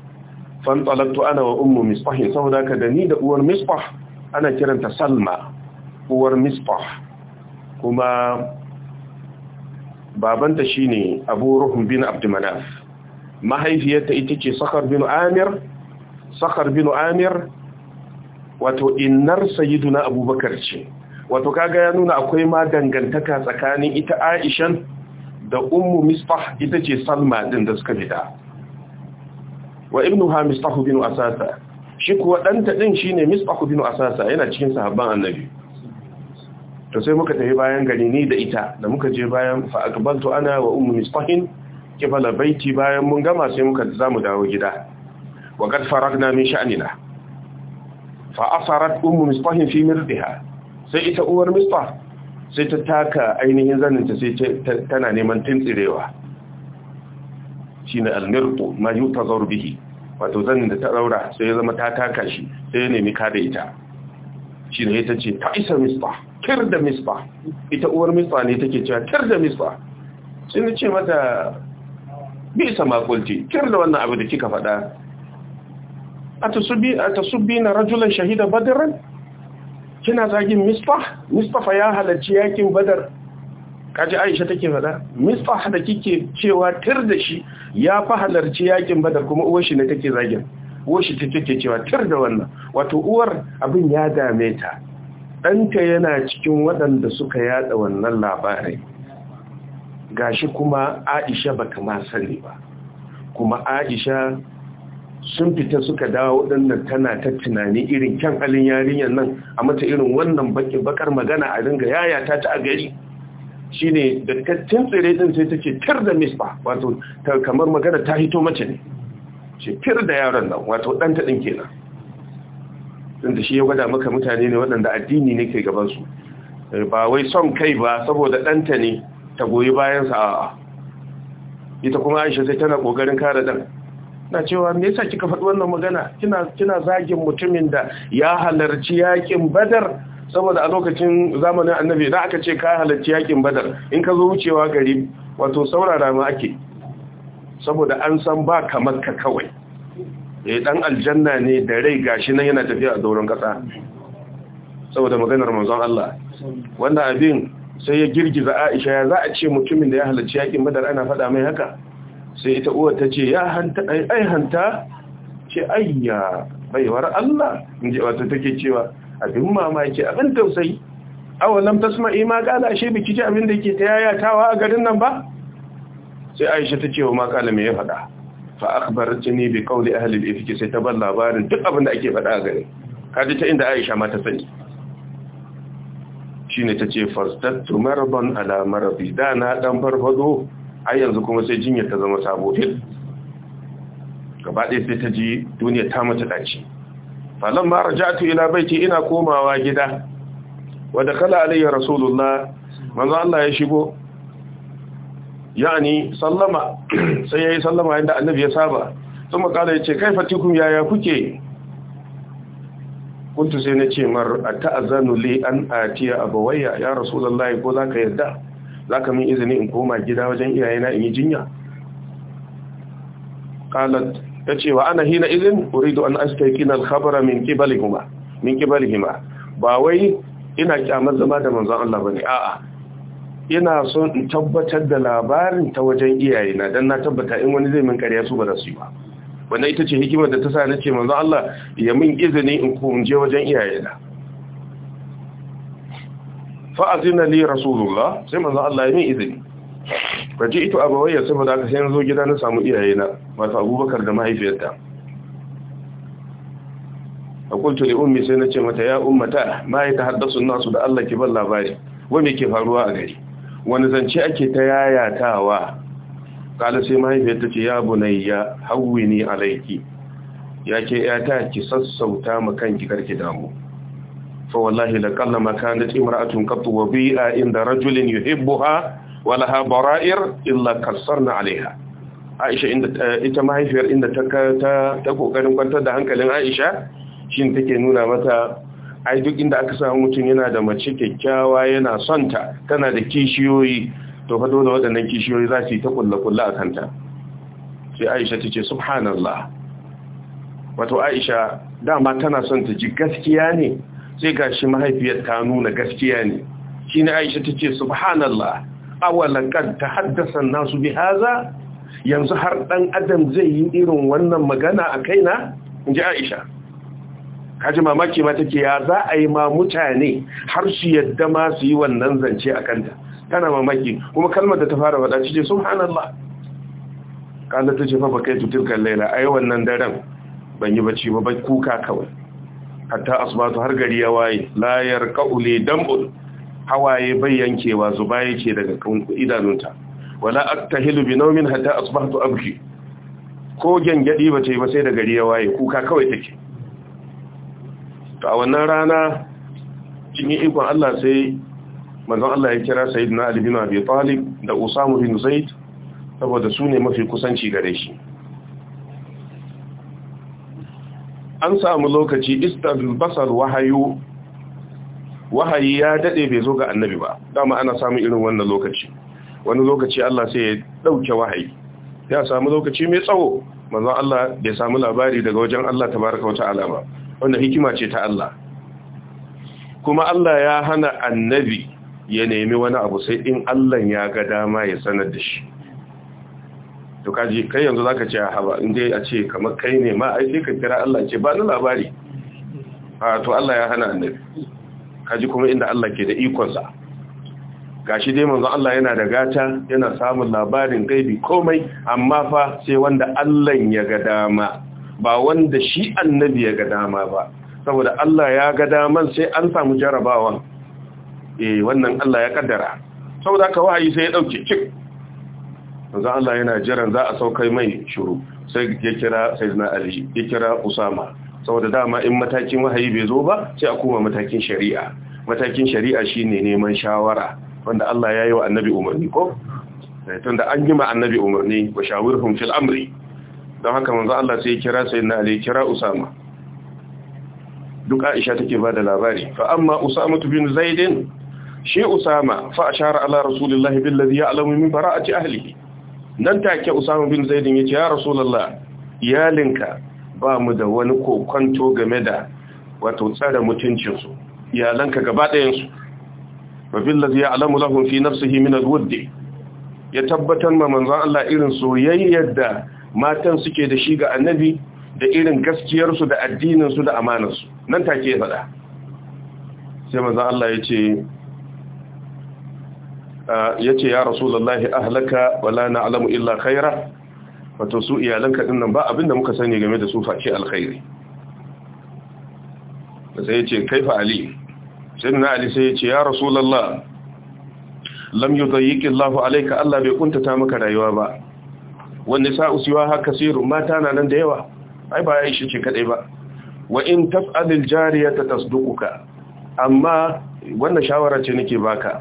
fan talattu ana wa ummu misbah saboda ka da ni da uwar misbah ana kiranta salma uwar misbah kuma babanta shine abu ruhun bin abdumanaf mahaifiyarta ita ce sakar bin amir sakar bin amir wato innar sayyiduna abubakar ce wato kaga ya nuna akwai ma dangantaka tsakanin ita aishan da ummu misfah ita ce salma din da suka fita wa ibnu ha misfah bin asasa shi kuwa ɗanta din shine misfah bin asasa yana cikin sahabban annabi to sai muka tafi bayan gari ni da ita da muka je bayan fa aqbaltu ana wa ummu misqahin kibala baiti bayan mun gama sai muka zamu dawo gida wa qad faragna min sha'nina fa asarat ummu misqahin fi mirdiha sai ita uwar misqah sai ta taka ainihin zaninta sai tana neman tintsirewa shine al-mirdu ma yutazaru bihi wato zanin da ta daura sai ya zama ta taka shi sai ya nemi kada ita shi ne ita ce ta isa misba kir da misba ita uwar misba ne take cewa kir da misba sun ce mata bi isa makulti kir da wannan abu da kika faɗa a subi na rajulan shahida badaran kina zagin misba misba ya halarci yakin badar kaji aisha take faɗa misba da kike cewa tir da shi ya fi halarci yakin badar kuma uwar shi ne take zagin shi ta take cewa tar da wannan wato uwar abin ya dame ta ɗanta yana cikin waɗanda suka yada wannan labarai gashi kuma aisha ba ma sani ba kuma aisha sun fita suka dawo wadannan tana ta tunani irin kyan halin yarinyar nan a mata irin wannan bakar magana a dinga yayata ta a gari shine da kattin tsire din sai take tar da misba wato kamar magana ta hito mace ne ce da yaron nan wato ɗanta ɗin kenan tunda shi ya gwada maka mutane ne waɗanda addini ne ke gabansu ba wai son kai ba saboda ɗanta ne ta goyi bayansa a ita kuma aisha sai tana ƙoƙarin kare ɗan na cewa me yasa kika faɗi wannan magana kina kina zagin mutumin da ya halarci yakin badar saboda a lokacin zamanin annabi da aka ce ka halarci yakin badar in ka zo wucewa gari wato saurara ma ake saboda an san ba kamar ka kawai ya eh, yi ɗan aljanna ne da rai gashi nan yana tafiya a doron ƙasa saboda maganar manzon Allah wanda abin sai ya girgiza Aisha ya za a ce mutumin da ya halarci yakin madar ana faɗa mai haka sai ita uwar ta ce ya hanta ai ai hanta ce ayya baiwar Allah inji wata take cewa abin mamaki abin tausayi awalam tasma'i ma kala shi biki ji abin da yake ta yayatawa a garin nan ba sai aisha ta ce wa makala mai ya faɗa fa jini bi qawli ahli al sai ta bar labarin duk abin da ake faɗa a gare kaji ta inda aisha ma ta sani shine tace fastattu maradan ala maradi da na dan farfado a yanzu kuma sai jinyar ta zama sabo din gaba ɗaya sai ta ji duniya ta mata dace falan ma raja'tu ila baiti ina komawa gida wa dakala alayya rasulullah manzo Allah ya shigo yani sallama sai yayi sallama yanda annabi ya saba sun makala ya ce kai fatikun yaya kuke kuntu sai na ce mar a ta'azanu li an atiya abawayya ya rasulullahi ko zaka yadda zaka min izini in koma gida wajen iyayena in yi jinya qalat ce wa ana hina izin uridu an astaqina al-khabara min qibalihima min qibalihima ba wai ina kyamar zama da manzon Allah bane a'a ina so in tabbatar da labarin ta wajen iyaye na dan na tabbata in wani zai min ƙarya su ba za su yi ba wannan ita ce hikimar da ta sa nace manzo Allah ya min izini in ko in je wajen iyaye na fa azina li rasulullah sai manzo Allah ya min izini baje ito abawayya saboda haka sai zo gida na samu iyaye na wato Abubakar da mahaifiyarta Akwai li ummi sai nace mata ya ummata ma ta an-nasu da Allah ki bar labari wani me ke faruwa a gari wani zance ake ta yayatawa kala sai mahaifiyar ta ce ya bunayya hawwini alayki ya ke yata ki sassauta ma kanki ki damu fa wallahi la qallama kanat imra'atun qattu wabi'a inda rajulin yuhibbuha wala laha bara'ir illa na alaiha Aisha ita mahaifiyar inda ta ƙoƙarin kokarin kwantar da hankalin Aisha shin take nuna mata ai duk inda aka samu mutum yana da mace kyakkyawa yana son ta tana da kishiyoyi to fa dole waɗannan kishiyoyi za su yi ta kulla-kulla a kanta sai aisha ta ce subhanallah wato aisha dama tana son ta ji gaskiya ne sai gashi mahaifiyar ta nuna gaskiya ne shi ne aisha ta ce subhanallah awalan kan ta haddasa nasu bi haza yanzu har dan adam zai yi irin wannan magana a kaina inji aisha kaji mamaki ma take ya za a yi ma mutane har su yadda ma su yi wannan zance a kanta tana mamaki kuma kalmar da ta fara faɗa ce subhanallah kanta ta ce fa ba kai tutilkan laila ai wannan daren ban yi bacci ba bai kuka kawai hatta asbatu har gari ya waye la ka'ule dambul hawaye bai yankewa zuba yake daga idanunta wala aktahilu bi nawmin hatta asbahtu abki ko ba ce ba sai da gari ya waye kuka kawai take to a wannan rana cikin ikon Allah sai manzon Allah ya kira sayyidina Ali bin Abi Talib da Usama bin Zaid saboda su ne mafi kusanci gare shi an samu lokaci istabil basar wahayi ya dade bai zo ga annabi ba dama ana samun irin wannan lokaci wani lokaci Allah sai ya dauke wahayi ya samu lokaci mai tsawo manzon Allah bai samu labari daga wajen Allah ta baraka wata alama. wanda hikima ce ta Allah kuma Allah ya hana annabi ya nemi wani abu sai in Allah ya ga dama ya sanar da shi to kaji kai yanzu zaka ce a haba in dai a ce kamar kai ne ma ai sai ka kira Allah ce ba ni labari a to Allah ya hana annabi kaji kuma inda Allah ke da ikon sa gashi dai manzo Allah yana da gata yana samun labarin gaibi komai amma fa sai wanda Allah ya ga dama ba wanda shi annabi ya ga dama ba saboda Allah ya ga daman sai an samu jarabawan eh wannan Allah ya kaddara saboda ka wahayi sai ya dauke cik manzo Allah yana jiran za a saukai mai shuru sai ya kira sayyidina Ali ya kira Usama saboda dama in matakin wahayi bai zo ba sai a koma matakin shari'a matakin shari'a shine neman shawara wanda Allah ya yi wa annabi umarni ko eh, tunda an yi ma annabi umarni wa shawirhum fil amri don haka manzo Allah sai kira sayyidina Ali kira Usama duk Aisha take ba da labari fa amma Usama bin Zaid shi Usama fa ashara ala Rasulullah billadhi ya'lamu min bara'ati ahlihi nan take Usama bin Zaid yace ya Rasulullah iyalinka ba mu da wani kokonto game da wato tsare mutuncin su iyalanka gaba ɗayan su wa billadhi ya'lamu lahum fi nafsihi min al-wudd ya tabbatar ma manzo Allah irin soyayyar da matan suke da shi ga annabi da irin gaskiyarsu da addininsu da amanarsu nan take faɗa sai maza Allah ya ce ah, ya ce ya rasulullahi ahlaka wala na'lamu illa khaira wato su iyalanka din nan ba abinda muka sani game da su face alkhairi sai ya ce kaifa ali Sai na ali sai ya ce ya rasulullah lam yudayyik Allah alayka Allah bai kunta ta maka rayuwa ba wanda sa usiwa haka siru mata na nan da yawa ai ba ya shi ce kadai ba wa in taf'alil jariyata tasduquka amma wannan shawara ce nake baka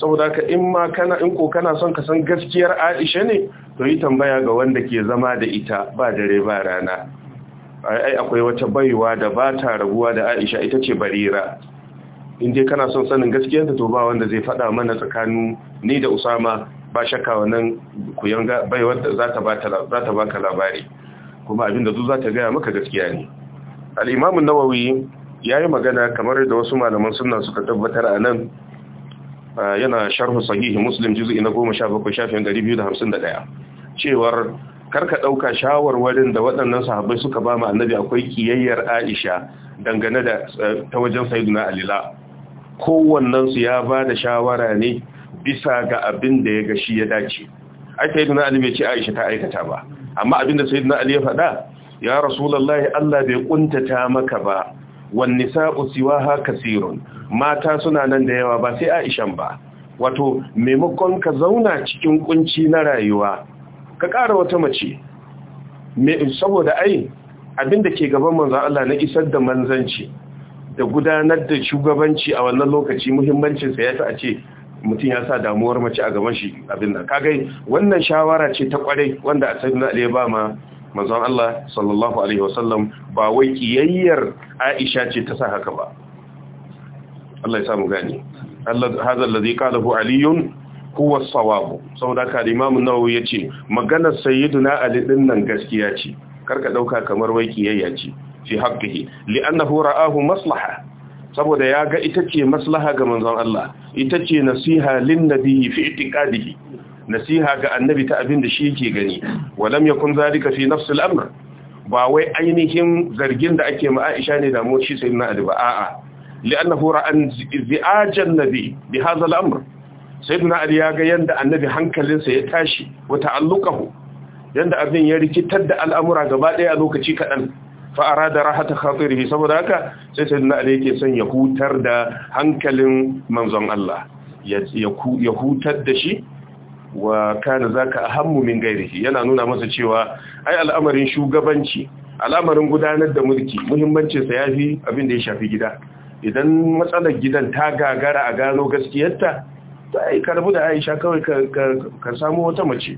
saboda ka in ma kana in ko kana son ka san gaskiyar Aisha ne to yi tambaya ga wanda ke zama da ita ba dare ba rana ai akwai wata baiwa da ba ta rabuwa da Aisha ita ce Barira in dai kana son sanin gaskiyar gaskiyarta to ba wanda zai faɗa mana tsakanin ni da Usama ba shakka wannan kuyanga bai wanda za ta baka labari kuma abinda zu za ta gaya maka gaskiya ne an nawawi ya yi magana kamar da wasu malaman suna suka tabbatar a nan yana sharhu sahihi muslim juzi na goma sha shafin 251 biyu da hamsin da ɗaya cewar karka ɗauka shawarwarin da waɗannan sahabbai suka ba mu annabi akwai kiyayyar aisha dangane da eh, ta wajen saiduna alila kowannen su ya ba da shawara ne bisa ga abin da ya gashi ya dace ai sayyidina ali bai ce aisha ta aikata ba amma abin da sayyidina ali ya faɗa ya rasulullahi Allah bai kuntata maka ba wan nisa'u siwaha kasirun mata suna nan da yawa ba sai aishan ba wato maimakon ka zauna cikin kunci na rayuwa ka ƙara wata mace Me saboda ai abin da ke gaban manzo Allah na isar da manzanci da gudanar da shugabanci a wannan lokaci muhimmancinsa ya fi ce mutum ya sa damuwar mace a gaban shi abin nan kagai wannan shawara ce ta kwarai wanda a sabbin da ba ma manzon Allah sallallahu alaihi wasallam ba wai kiyayyar Aisha ce ta sa haka ba Allah ya samu gani Allah hadha alladhi qalahu aliyun huwa as-sawab da ka Imam an ya yace maganar sayyiduna Ali din nan gaskiya ce karka ɗauka kamar wai kiyayya ce fi haqqihi li'annahu ra'ahu maslaha saboda ya ga ita ce maslaha ga manzon Allah ita ce nasiha lin nabi fi itiqadihi nasiha ga annabi ta abin da shi yake gani walam yakun zalika fi nafsil amr ba wai ainihin zargin da ake ma Aisha ne da mu shi sayyidina Ali ba a'a li'annahu ra'an zi'ajan nabi bi hadha al-amr sayyidina Ali ya ga yanda annabi hankalinsa ya tashi wa ta'alluqahu yanda abin ya rikitar da al'amura gaba daya a lokaci kadan fa'ara da rahata khatirihi saboda haka sai sai na yake son ya hutar da hankalin manzon Allah ya hutar da shi wa kana zaka ahammu min gairihi yana nuna masa cewa ai al'amarin shugabanci al'amarin gudanar da mulki muhimmancinsa ya fi abin da ya shafi gida idan matsalar gidan ta gagara a gano gaskiyarta to ai karbu da Aisha kawai ka samu wata mace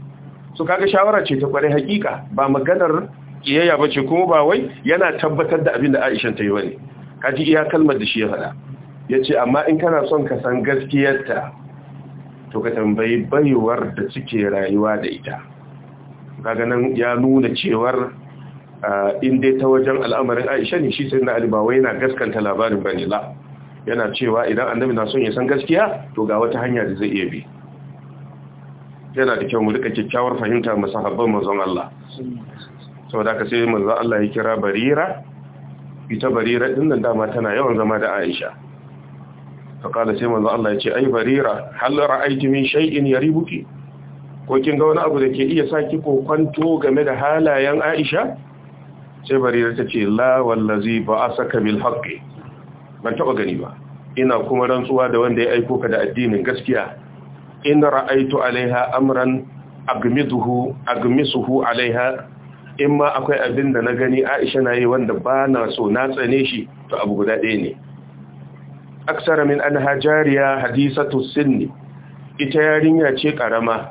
so kaga shawara ce ta kware hakika ba maganar kiyayya bace kuma ba wai yana tabbatar da abin da Aisha ta yi bane kaji iya kalmar da shi ya faɗa yace amma in kana son ka san gaskiyarta to ka tambayi baiwar da suke rayuwa da ita kaga nan ya nuna cewar in dai ta wajen al'amarin Aisha ne shi sai na Ali ba wai yana gaskanta labarin bane la yana cewa idan annabi na son ya san gaskiya to ga wata hanya da zai iya bi yana da kyau mu rika kyakkyawar fahimta masahabban manzon Allah saboda ka sai manzo Allah ya kira barira ita barira din nan dama tana yawan zama da Aisha fa kala sai manzo Allah ya ce ai barira hal ra'aiti min shay'in yaribuki ko kin ga wani abu da ke iya saki kokonto game da halayen Aisha sai barira ta ce la wallazi ba'asaka bil haqqi ban taba gani ba ina kuma rantsuwa da wanda ya aiko ka da addinin gaskiya in ra'aitu alaiha amran agmiduhu agmisuhu alaiha in ma akwai abin da na gani aisha na yi wanda ba na so na tsane shi to abu guda ɗaya ne aksara min an hajariya hadisatu sinni ita yarinya ce karama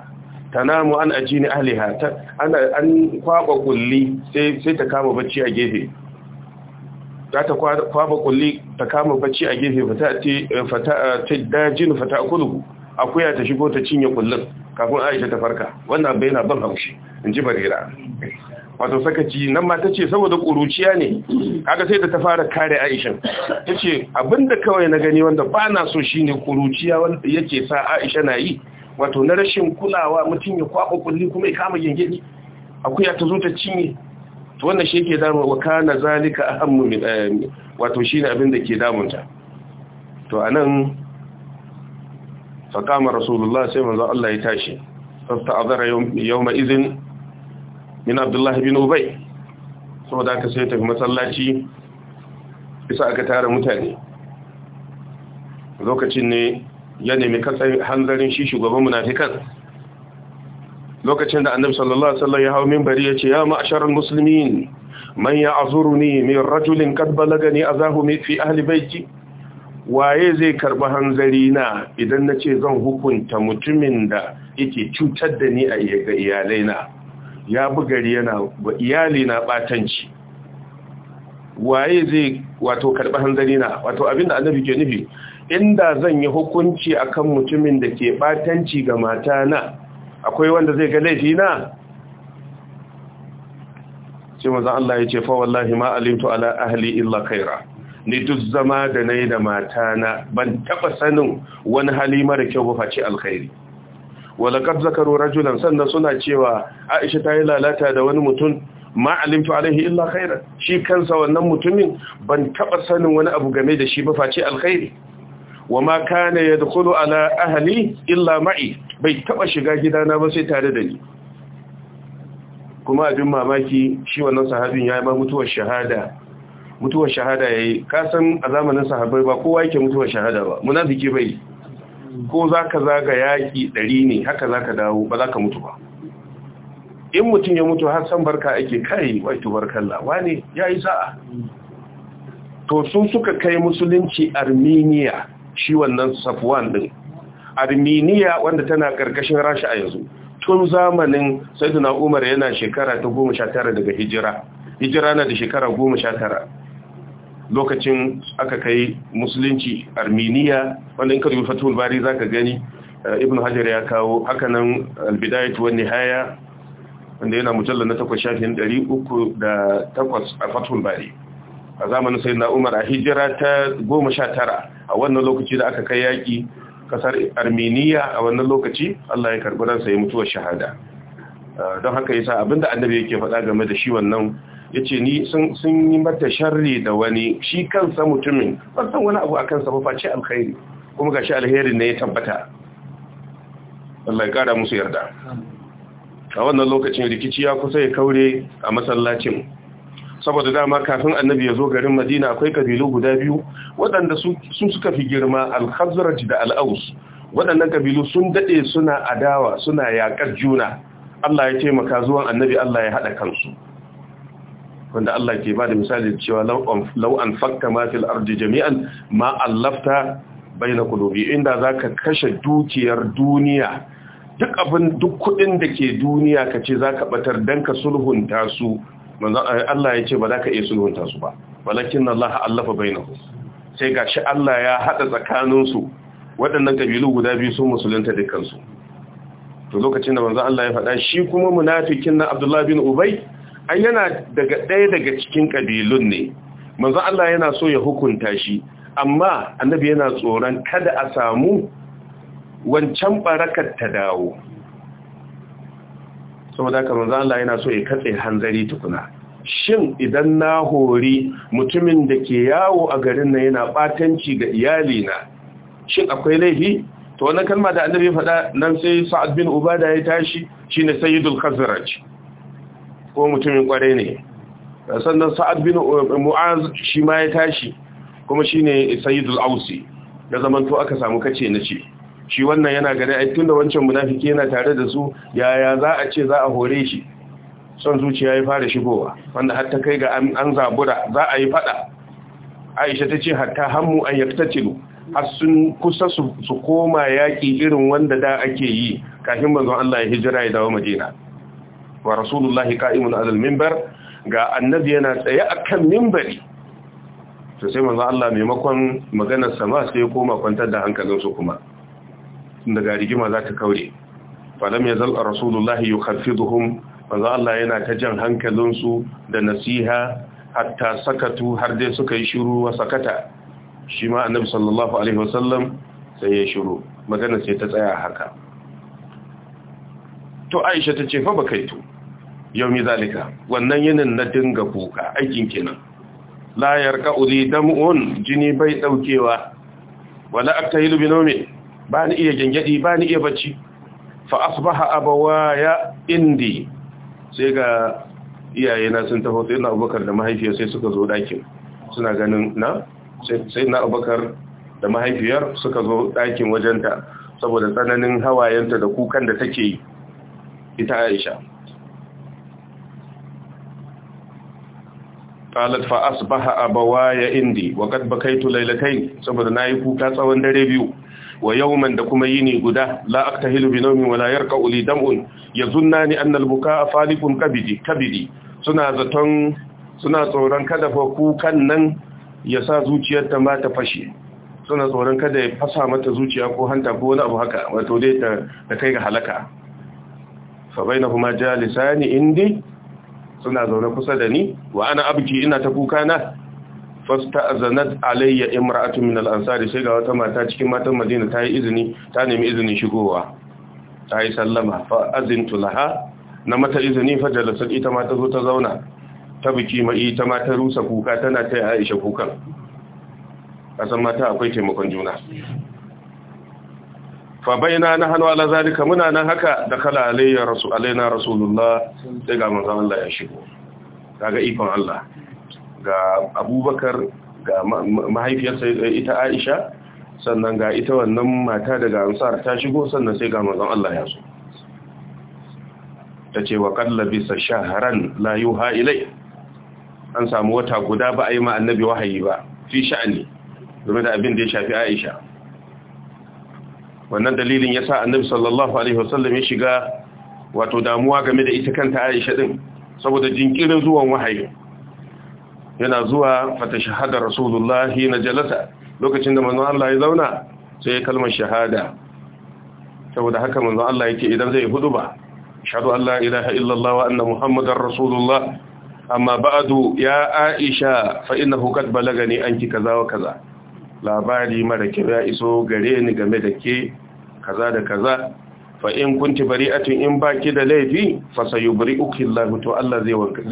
namu an ajini ahliha ana an kwaba kulli sai ta kama bacci a gefe za ta kwaba kulli ta kama bacci a gefe fata ta dajin fata kullu akuya ta shigo ta cinye kullun kafin Aisha ta farka wannan bai na ban haushi in inji barira wato sakaci nan ma ce saboda kuruciya ne kaga sai da ta fara kare Aisha tace abinda kawai na gani wanda ba na so shine kuruciya wanda yake sa Aisha na yi wato na rashin kulawa mutum ya kwaba kulli kuma ya kama gengedi akuya ta zo ta cinye to wannan shi yake damu wa kana zalika ahammu min eh, wato shine abinda ke damunta to anan fa kama rasulullah sai manzo Allah ya tashi fasta azara yawma idhin min abdullahi bin ubai saboda aka sai tafi masallaci isa aka tara mutane lokacin ne ya nemi katsayin hanzarin shi shugaban munafikan lokacin da annabi sallallahu alaihi wasallam ya hawo minbari yace ya ma'asharal muslimin man ya'zuruni min rajulin qad balagani azahu fi ahli baiti waye zai karba hanzari na idan nace zan hukunta mutumin da yake cutar da ni a iyalaina ya bugari yana ba iyali na batanci waye zai wato karɓi hanzari na wato abinda annabi ke nufi inda zan yi hukunci akan mutumin da ke batanci ga mata na akwai wanda zai ga laifi na sai maza Allah ya ce fa wallahi ma alimtu ala ahli illa khaira ni duk zama da nayi da mata na ban taba sanin wani hali mara kyau ba face alkhairi walaqad zakaru rajulan sannan suna cewa Aisha ta yi lalata da wani mutum ma alimtu alaihi illa khaira shi kansa wannan mutumin ban taba sanin wani abu game da shi ba face alkhairi wama kana yadkhulu ala ahli illa ma'i bai taba shiga gidana ba sai tare da ni kuma abin mamaki shi wannan sahabin yayi ma mutuwar shahada mutuwar shahada yayi kasan a zamanin sahabbai ba kowa yake mutuwar shahada ba munafiki bai ko za ka zaga yaƙi ɗari ne haka za ka dawo ba za ka mutu ba in mutum ya mutu har san barka ake kai wato barkalla ne ya yi sa'a to sun suka kai musulunci armenia shi wannan safwan ɗin. armenia wanda tana ƙarƙashin rasha a yanzu tun zamanin da umar yana shekara ta goma sha tara daga hijira hijira na da shekara goma sha tara. lokacin aka kai musulunci armeniya wanda in ka rubuta fatul bari za ka gani eh, ibn hajar ya kawo hakanan albidayatu wan nihaya wanda yana mujallar na takwas shafin 308 a fatul bari a zamanin sai na umar a hijira ta 19 a wannan lokaci da aka kai yaƙi kasar armeniya a wannan lokaci Allah ya karbi ransa ya mutuwar shahada eh, don haka yasa abinda annabi yake faɗa game da shi wannan ya ce ni sun yi mata sharri da wani shi kansa mutumin san wani abu a kansa ba alkhairi kuma ga shi alherin ne ya tabbata Allah ya kara musu yarda a wannan lokacin rikici ya kusa ya kaure a masallacin saboda dama kafin annabi ya zo garin madina akwai kabilu guda biyu waɗanda sun suka fi girma alhazraj da al'aus waɗannan kabilu sun daɗe suna adawa suna yaƙar juna Allah ya taimaka zuwan annabi Allah ya haɗa kansu wanda Allah ke ba da misali cewa law an fakta ma fil ardi jami'an ma allafta baina qulubi inda zaka kashe dukiyar duniya duk abin duk kudin da ke duniya kace zaka batar dan ka sulhunta su manzo Allah ya ce ba za ka iya sulhunta su ba walakin Allah allafa bainahum sai gashi Allah ya haɗa tsakaninsu waɗannan kabilu guda biyu su musulunta dukkan su to lokacin da manzo Allah ya faɗa shi kuma munafikin na Abdullah bin Ubay An yana daga ɗaya daga cikin ƙabilun ne manzo Allah yana so ya hukunta shi amma annabi yana tsoron kada a samu wancan barakar ta dawo saboda haka manzo Allah yana so ya katse hanzari tukuna shin idan na hori mutumin da ke yawo a garin nan yana batanci ga iyali na? shin akwai laifi to wannan kalma da annabi faɗa nan sai Sa'ad bin Ubada ya tashi shine Sayyidul Khazraj ko mutumin kwarai ne sannan sa'ad bin mu'az shi ma ya tashi kuma shine sayyidul ausi da zamanto aka samu kace na ce shi wannan yana gane ai da wancan munafiki yana tare da su yaya za a ce za a hore shi son zuciya ya fara shigowa wanda har kai ga an zabura za a yi fada Aisha tace hatta hammu an yaktatilu har sun kusa su koma yaƙi irin wanda da ake yi kafin manzon Allah ya hijira ya dawo Madina wa rasulullahi qa'imun alal minbar ga annabi yana tsaye akan minbari to sai manzo Allah maimakon maganar sama sai koma kwantar da hankalin su kuma Daga ga rigima za ta kaure falam yazal rasulullahi yukhaffiduhum manzo Allah yana ta jan hankalin su da nasiha hatta sakatu har dai suka yi shiru wa sakata shi ma annabi sallallahu alaihi wasallam sai ya shiru maganar sai ta tsaya haka to Aisha ta ce fa bakaitu yaumi zalika wannan yinin na dinga kuka aikin kenan la yarqa uzi dam'un jini bai daukewa wala aktahilu binomi ba ni iya gengedi ba ni iya bacci fa asbaha abawaya indi sai ga iyayena sun taho sai na abubakar da mahaifiyar sai suka zo dakin suna ganin na sai na abubakar da mahaifiyar suka zo dakin wajenta saboda tsananin hawayenta da kukan da take yi ita aisha qalat fa asbaha abawaya indi wa qad bakaitu laylatayn saboda nayi kuka tsawon dare biyu wa yawman da kuma yini guda la aktahilu bi nawmin wa la li dam'un yazunnani anna al-bukaa falikun kabidi kabidi suna zaton suna tsoron kada fa kukan nan ya sa zuciyar ta fashe suna tsoron kada ya fasa mata zuciya ko hanta ko wani abu haka wato dai ta kai ga halaka fa bainahuma jalisani indi suna zaune kusa da ni wa ana abki ina ta kuka na azanat alayya imra'atu min al-ansari sai ga wata mata cikin matan Madina ta yi izini ta nemi izinin shigowa ta yi sallama fa azintu laha na mata izini fa jalasat ita ma ta zo ta zauna ta biki ma ita ma ta rusa kuka tana ta yi Aisha kukan kasan mata akwai taimakon juna fa baina nahnu ala zalika muna nan haka da kala alayya rasul alaina rasulullah sai ga manzon Allah ya shigo kaga ifan Allah ga Abubakar ga mahaifiyarsa eh, ita Aisha sannan ga ita wannan mata daga Ansar ta shigo sannan sai ga manzon Allah ya zo tace wa sa shahran la yuha ilai an samu wata guda ba a yi ma annabi wahayi ba fi sha'ani game da abin da ya shafi Aisha wannan dalilin ya sa annabi sallallahu alaihi wasallam ya shiga wato damuwa game da ita kanta aisha din saboda jinkirin zuwan wahayi yana zuwa fata shahada rasulullahi na jalasa lokacin da manzon Allah ya zauna sai kalmar shahada saboda haka manzon Allah yake idan zai hudu ba ashhadu an la ilaha illallah wa anna muhammadar rasulullah amma ba'du ya aisha fa innahu qad balagani anki kaza wa kaza labari mara kyau ya iso gare ni game da ke kaza da kaza fa in kunti bari'atun in baki da laifi fa sayubri'uki Allah to Allah zai wanke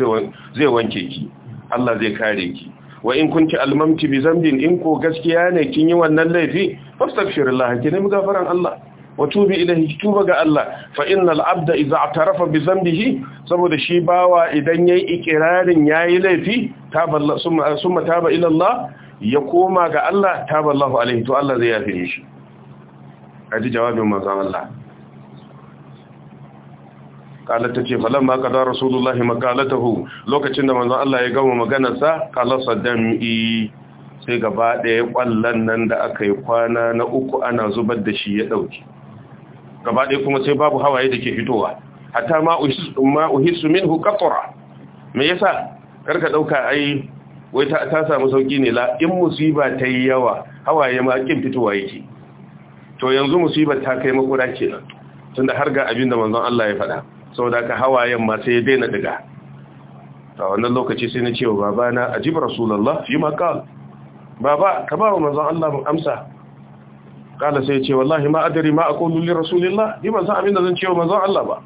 zai wanke ki Allah zai kare ki wa in kunti almamti bi zambin in ko gaskiya ne kin yi wannan laifi fastaghfirullah ki nemi gafaran Allah wa tubi ilahi tuba ga Allah fa innal abda idza atarafa bi zambihi saboda shi bawa idan yayi ikirarin yayi laifi taba summa taba ila Allah ya koma ga Allah Taballahu alaihi to Allah zai yafe shi aji jawabin manzon Allah kala ce falon ma kada rasulullahi makalatahu lokacin da manzon Allah ya gama maganarsa kala saddam'i sai gaba ɗaya ƙwallon nan da aka yi kwana na uku ana zubar da shi ya ɗauki gaba ɗaya kuma sai babu hawaye da ke fitowa Hata ma uhisu min hukatura me yasa karka ɗauka ai wai ta samu sauƙi ne la in musiba ta yi yawa hawaye ma ƙin fitowa yake to yanzu musibar ta kai makura kenan da har ga abin da manzon Allah ya faɗa sau da ka hawayen ma sai ya daina daga a wannan lokaci sai na cewa babana ajib rasulallah fi ma qal baba ka ba wa manzon Allah mun amsa kala sai ya ce wallahi ma adari ma a li rasulillah ni ban san abin da zan cewa manzon Allah ba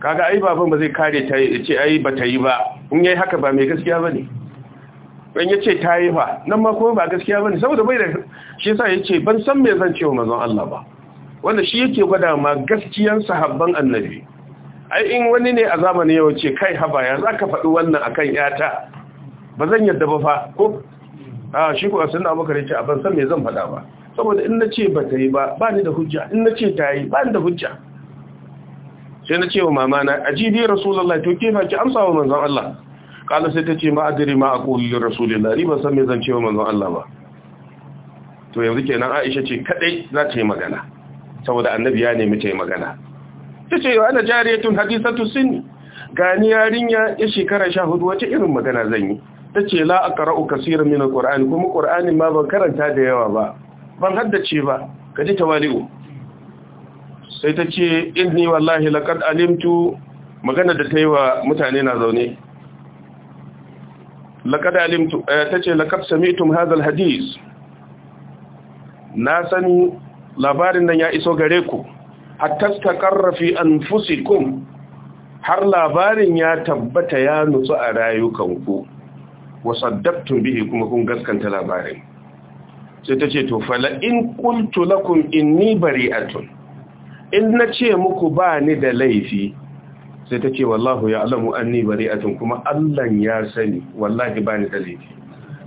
kaga ai baban ba zai kare ta ya ce ai ta yi ba in yayi haka ba mai gaskiya ba ne. ban ya ce ta yi ba nan ma kuma ba gaskiya ba ne saboda bai da shi sa ya ce ban san me zan cewa mazan Allah ba wanda shi yake gwada ma gaskiyan sahabban annabi ai in wani ne a zamanin yau ce kai haba ya za ka faɗi wannan a kan yata ba zan yadda ba fa ko a shi ko a sun abokan kare ce a ban san me zan faɗa ba saboda in na ce ba ta yi ba ba ni da hujja in na ce ta yi ba ni da hujja sai na ce wa mamana ajibi rasulullahi to ke ki amsa wa manzon Allah kala sai ta ce ma adiri ma a kulilin rasulillah ni ban san mai zan wa manzon Allah ba to yanzu kenan Aisha ce kadai za ta yi magana saboda annabi ya nemi ta yi magana ta ce yau ana jariyatun hadisatu sinni gani yarinya ya shekara sha hudu wace irin magana zan yi ta ce la a ƙara'u kasirin min ƙura'ani kuma ƙur'anin ma ban karanta da yawa ba ban haddace ba ka ji tawali'u sai ta ce inni wallahi laƙar alimtu magana da ta yi wa mutane na zaune laqad alimtu tace laqad sami'tum hadha alhadith na labarin nan ya iso gare ku hatta taqarra fi anfusikum har labarin ya tabbata ya nutsu a rayukanku wa saddaqtum bihi kuma kun gaskanta labarin sai tace to fala in ni lakum inni bari'atun in nace muku ba ni da laifi sai ta ce wallahu ya alamu an ni anni bari'atun kuma allan ya sani wallahi bani da laifi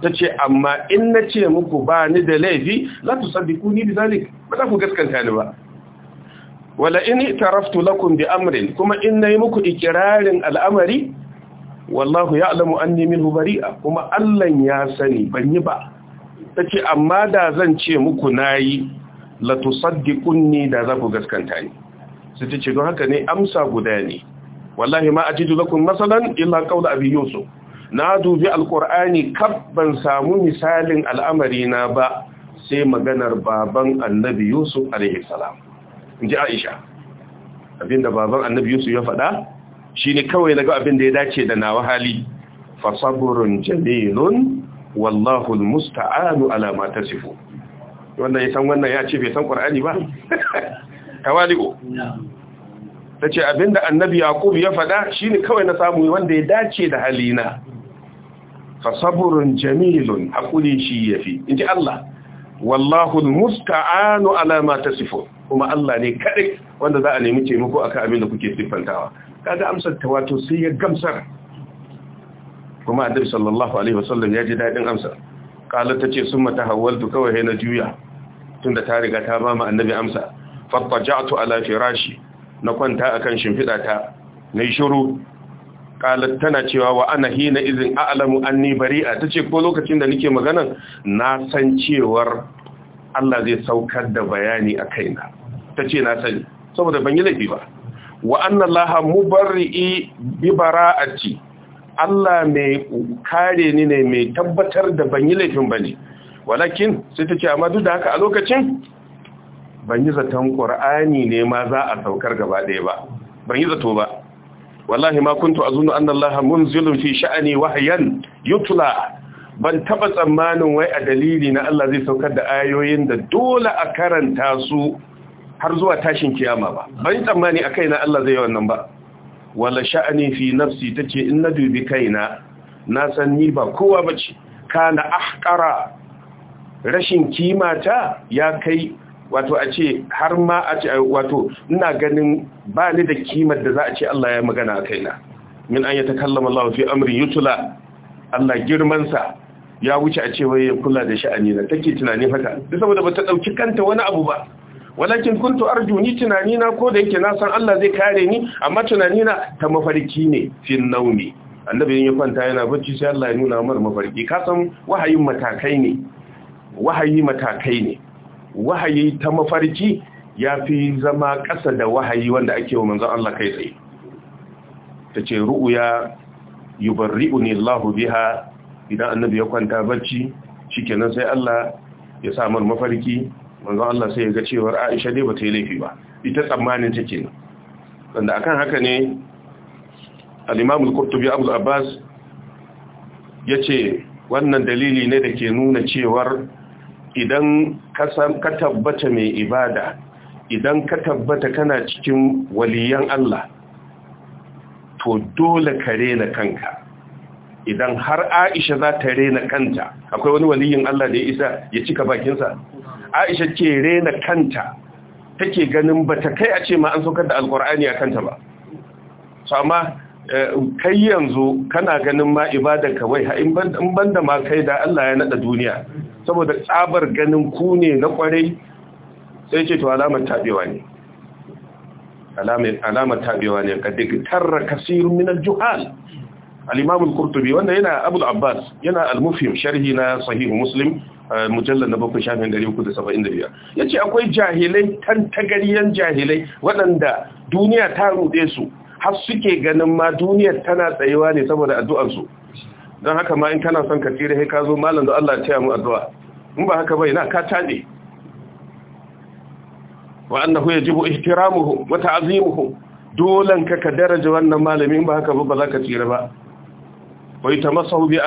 ta ce amma in na ce muku bani da laifi za la tusaddiqu ni bi zalik ba za ku gaskanta ni ba wala in taraftu lakum bi amrin kuma in nayi muku ikirarin al'amari wallahu ya alamu an anni minhu bari'a kuma allan ya sani ban yi ba ta ce amma da zan ce muku nayi la tusaddiqunni da za ku gaskanta ni sai ta ce don haka ne amsa guda ne wallahi ma ajidu lakum masalan illa qawla abi yusuf na dubi alqur'ani kab ban samu misalin al'amari na ba sai maganar baban annabi yusuf alaihi salam inji aisha abinda baban annabi yusuf ya faɗa shine kawai naga abinda ya dace da nawa hali fa jamilun wallahu almusta'anu ala ma tasifu wannan ya san wannan ya ce bai san qur'ani ba tawali'u ta ce abinda annabi yaqub ya faɗa shine kawai na samu wanda ya dace da halina fa sabrun jamilun haƙuri shi yafi inji Allah wallahu almusta'anu ala ma tasifun kuma Allah ne kadai wanda za a nemi taimako akan abin da kuke siffantawa kaga amsar ta wato sai ya gamsar kuma annabi sallallahu alaihi wasallam ya ji dadin amsar kala tace summa tahawwaltu kawai na juya tunda ta riga ta ba mu annabi amsa fattaja'tu ala firashi na kwanta akan shimfiɗa ta na shiru ƙalar tana cewa wa ana na izin a'lamu anni bari'a tace ko lokacin da nake maganan na san cewar Allah zai saukar da bayani a kaina ce na sani saboda ban yi laifi ba wa mu bari mubarri'i bi ci. Allah mai kare ni ne mai tabbatar da ban yi laifin ba ne? walakin sai ta ce amma duk da haka a lokacin ban yi zaton ƙur'ani ne ma za a saukar gaba ɗaya ba ban yi zato ba wallahi ma kuntu azunnu anna allaha zilin fi sha'ani wahayan yutula ban taba tsammanin wai a dalili na Allah zai saukar da ayoyin da dole a karanta su har zuwa tashin kiyama ba ban tsammani akai na Allah zai wannan ba wala sha'ani fi nafsi ce in na dubi kaina na san ni ba kowa ce. kana ahkara. rashin kimata ya kai wato a ce har ma a ce wato ina ganin ba ni da kimar da za a ce Allah ya magana a kaina min an ya kallama Allah fi amri yutula Allah girman ya wuce a ce wai ya kula da sha'ani na take tunani haka duk saboda bata dauki kanta wani abu ba walakin kuntu arju ni tunani na ko da yake na san Allah zai kare ni amma tunani na ta mafarki ne fi nauni annabi ya kwanta yana bacci sai Allah ya nuna mar mafarki ka san wahayin matakai ne wahayi matakai ne wahayi ta mafarki ya fi zama ƙasa da wahayi wanda ake wa manzan Allah kai tsaye ta ce ru'uya yubarri'uni Allahu biha idan annabi ya kwanta bacci kenan sai Allah ya sa mafarki manzan Allah sai ya ga cewar Aisha dai bata yi laifi ba ita tsammanin take ne wanda akan haka ne al-Imam Abu Abbas yace wannan dalili ne da ke nuna cewar idan ka tabbata mai ibada idan ka tabbata kana cikin waliyan Allah to dole ka rena kanka idan har Aisha za ta rena kanta akwai wani waliyin Allah da ya isa ya cika bakinsa Aisha ce rena kanta take ganin bata kai a ce ma an saukar da alkur'ani a kanta ba so amma eh, kai yanzu kana ganin ma ibadanka ka wai in banda ma kai da Allah ya nada duniya saboda tsabar ganin ku ne na kwarai sai ce to alamar tabewa ne alamar tabewa ne ka digitarra kasirun min al-juhal al-imam al-qurtubi wanda yana abu al-abbas yana al-mufhim sharhi na sahih muslim mujallal na bakwai shafin 375 ce akwai jahilai tantagariyan jahilai waɗanda duniya ta rude su har suke ganin ma duniyar tana tsayewa ne saboda addu'arsu don haka ma in kana son ka tsira sai ka zo malam da Allah ya taya mu addu'a in ba haka bai na ka taɗe wa annahu yajibu ihtiramuhu wa ta'zimuhu dolan ka ka daraja wannan malami in ba haka ba za ka tsira ba wai tamassahu bi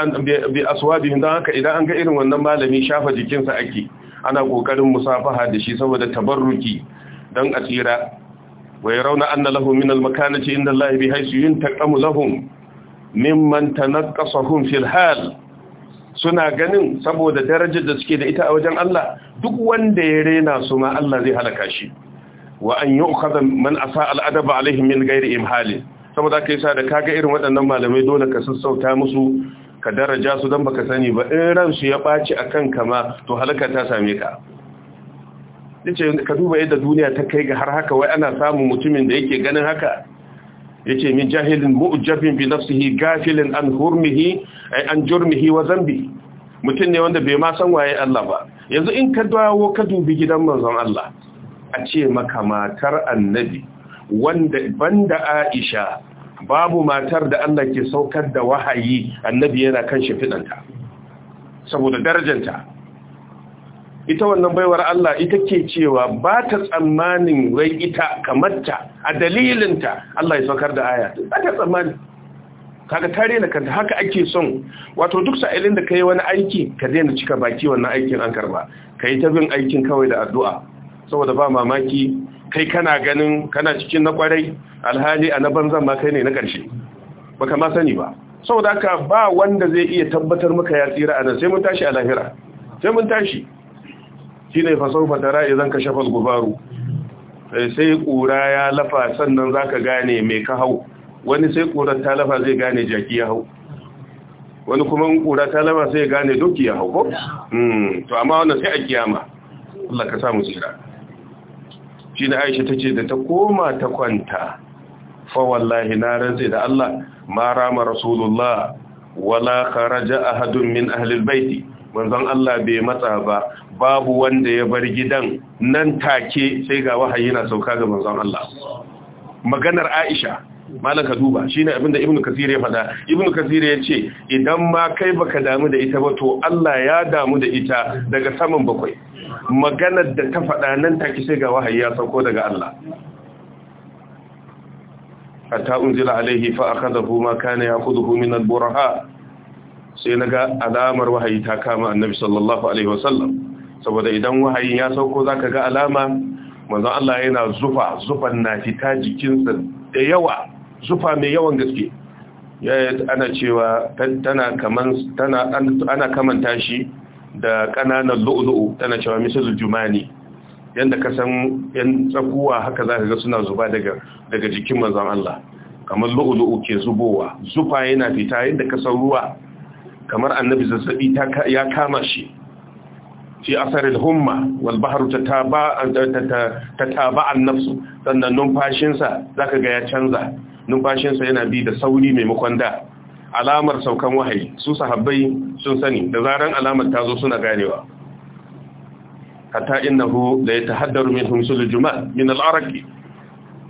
bi aswabihim dan haka idan an ga irin wannan malami shafa jikinsa ake ana kokarin musafaha da shi saboda tabarruki dan a tsira wai rauna anna lahu min al-makanati inda Allah bi haythu yuntaqamu lahum mimman tanaqqasahum fil hal suna ganin saboda darajar da suke da ita a wajen Allah duk wanda ya rena su ma Allah zai halaka shi wa an yu'khadha man asa al'adaba alaihim min ghairi imhali saboda kai sa da kaga irin waɗannan malamai dole ka sassauta musu ka daraja su dan baka sani ba in ran su ya baci akan kama to halaka ta same ka dace ka duba yadda duniya ta kai ga har haka wai ana samun mutumin da yake ganin haka yace min jahilin mu'jabin bi nafsihi gafilin an hurmihi ay an jurmihi wa zambi mutum ne wanda bai ma san waye Allah ba yanzu in ka dawo ka dubi gidan manzon Allah a ce maka matar annabi wanda banda Aisha babu matar da Allah ke saukar da wahayi annabi yana kan shi fidanta saboda darajanta ita wannan baiwar Allah ita ke cewa ba ta tsammanin rai ita kamarta a ta, Allah ya saukar da aya ba ta tsammani kaga tare na kanta haka ake son wato duk sa'ilin da yi wani aiki ka daina cika baki wannan aikin an karba kai ta bin aikin kawai da addu'a saboda ba mamaki kai kana ganin kana cikin na kwarai alhali a na banzan ma kai ne na karshe baka ma sani ba saboda haka ba wanda zai iya tabbatar maka ya tsira a nan sai mun tashi a lahira sai mun tashi shine fasawfa tara idan ka shafa gubaru eh, sai kura ya lafa sannan zaka gane me ka hau wani sai kura ta lafa zai gane jaki ya hau wani kuma kura ta lafa sai gane doki ya hau ko hmm, to amma wannan sai a kiyama Allah ka samu tsira shi ne Aisha tace da ta koma ta kwanta fa wallahi na rantsi da Allah ma rama rasulullah wala kharaja ahadun min ahli albayt manzon Allah bai matsa ba babu wanda ya bar gidan nan take sai ga wahayi na sauka ga manzon Allah maganar Aisha malaka duba shine abinda Ibn Kathir ya faɗa Ibn Kathir ya ce idan ma kai baka damu da ita ba to Allah ya damu da ita daga saman bakwai maganar da ta faɗa nan take sai ga wahayi ya sauko daga Allah Ata unzila alaihi fa akhadahu ma kana ya'khudhu min al sai na ga alamar wahayi ta kama annabi sallallahu alaihi wasallam saboda idan wahayi ya sauko zaka ga alama manzon Allah yana zufa zufan na fita jikinsa da yawa zufa mai yawan gaske ana cewa tana kaman tana ana kamanta shi da kananan lu'lu'u tana cewa misal jumani yanda ka san yan tsakuwa haka zaka ga suna zuba daga daga jikin manzon Allah kamar lu'lu'u ke zubowa zufa yana fita yanda ka san ruwa kamar annabi zazzabi ya kama shi fi asarin humma walbaharu ta taba an nafsu sannan numfashinsa za ka ga ya canza numfashinsa yana bi da sauri maimakon da alamar saukan wahayi su sahabbai sun sani da zaran alamar ta zo suna ganewa hatta innahu la yatahaddaru min humsul jumal min al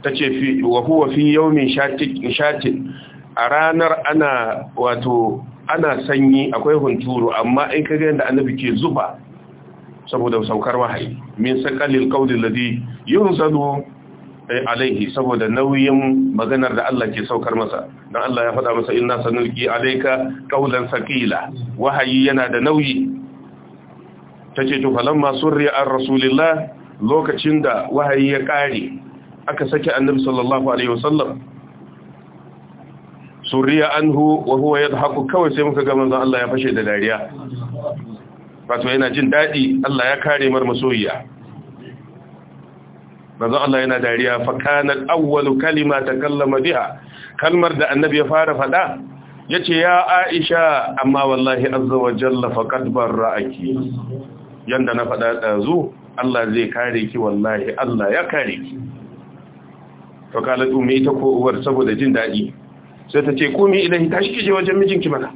ta ce wa huwa fi yau min shatin a ranar ana wato ana sanyi akwai hunturu amma in ka ga yadda annabi ke zuba saboda saukar wahayi min saqalil qawli alladhi yunzalu eh, alaihi saboda nauyin maganar da Allah ke saukar masa dan Allah ya faɗa masa inna sanulqi alayka qawlan saqila wahayi yana da nauyi tace to falamma surri ar rasulillah lokacin da wahayi ya kare aka saki annabi sallallahu alaihi wasallam surriya anhu wa huwa haku kawai sai muka ga zan Allah ya fashe da dariya wato yana jin daɗi Allah ya kare mar masoyiya manzon Allah yana dariya fa kana awwalu kalima takallama biha kalmar da annabi ya fara fada yace ya Aisha amma wallahi azza wa jalla faqad barra'aki yanda na fada dazu Allah zai kare ki wallahi Allah ya kare ki to kala umi ta ko uwar saboda jin daɗi. sai ta ce kumi ilahi tashi kije wajen mijinki mana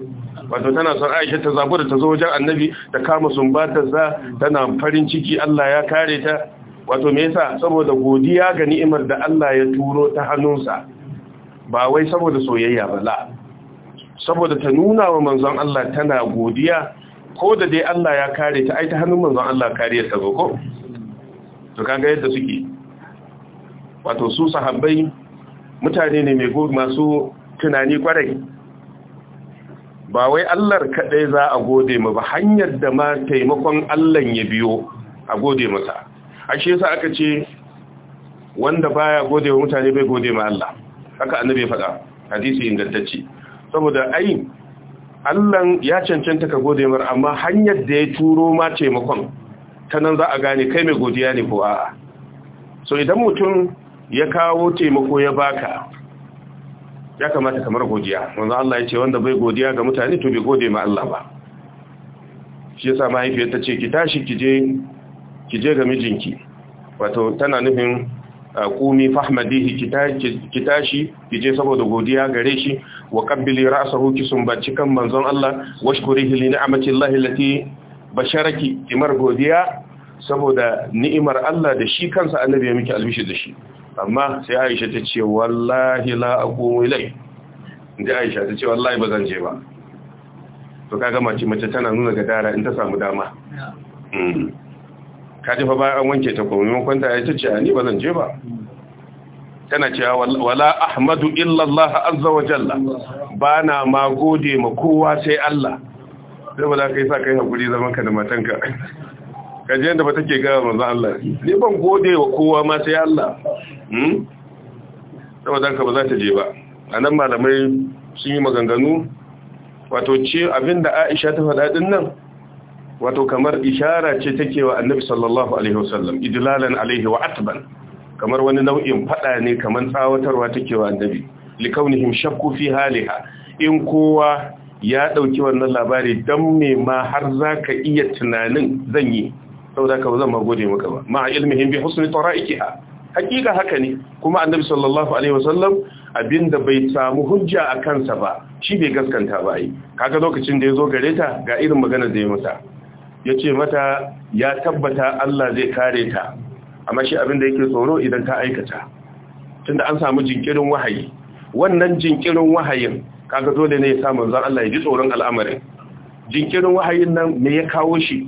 wato tana son Aisha ta da ta zo wajen Annabi ta kama sumbatar sa tana farin ciki Allah ya kare ta wato me yasa saboda godiya ga ni'imar da Allah ya turo ta hannunsa ba wai saboda soyayya ba la saboda ta nuna wa manzon Allah tana godiya ko da dai Allah ya kare ta ai ta hannun manzon Allah kariyar ta zo ko to kaga yadda suke wato su sahabbai mutane ne mai masu tunani kwarai ba wai Allah kaɗai za a gode ma ba hanyar da ma taimakon Allah ya biyo a gode masa ashe yasa aka ce wanda baya gode wa mutane bai gode ma Allah haka annabi ya faɗa hadisi ingantacce saboda ai Allah ya cancanta ka gode mar amma hanyar da ya turo ma taimakon ta nan za a gane kai mai godiya ne ko a'a so idan mutum ya kawo taimako ya baka ya kamata kamar godiya wanzu Allah ya ce wanda bai godiya ga mutane to bai gode ma Allah ba shi yasa mahaifiyar ta ce ki tashi ki je ga mijinki wato tana nufin kumi fahmadihi ki tashi ki je saboda godiya gare shi wa qabbili ki sumbaci kan manzon Allah washkurihi li ni'amati Allah allati basharaki kimar godiya saboda ni'imar Allah da shi kansa annabi ya miki albishi da shi amma sai aisha ta ce wallahi la aqumu ilai inda aisha ta ce wallahi ba zan je ba to kaga mace mace tana nuna gadara in ta samu dama hmm. ka ji fa bayan an wanke ta komai mun kwanta ai ce ni ba zan je ba tana cewa wala ahmadu illa Allah azza wa jalla bana ma gode ma kowa sai Allah sai ba za ka yi sa kai hakuri zaman ka da matanka kaji yadda ba take gaya manzo Allah ne ban gode wa kowa ma sai Allah hmm saboda ka ba za ta je ba anan malamai sun yi maganganu wato ce abinda Aisha ta faɗa din nan wato kamar ishara ce take wa Annabi sallallahu alaihi wasallam idlalan alaihi wa atban kamar wani nau'in faɗa ne kamar tsawatarwa take wa Annabi likaunihim shakku fi haliha in kowa ya ɗauki wannan labari don me ma har za ka iya tunanin zan yi saboda ka ba zan ma gode maka ba ma ilmihim bi husni tara'ikiha hakika haka ne kuma annabi sallallahu alaihi wasallam abinda bai samu hujja a kansa ba shi bai gaskanta ba ai kaga lokacin da yazo gare ta ga irin magana da ya mata yace mata ya tabbata Allah zai kare ta amma shi abinda yake tsoro idan ka aikata tunda an samu jinkirin wahayi wannan jinkirin wahayin kaga dole ne ya samu zan Allah ya ji tsoron al'amarin jinkirin wahayin nan me ya kawo shi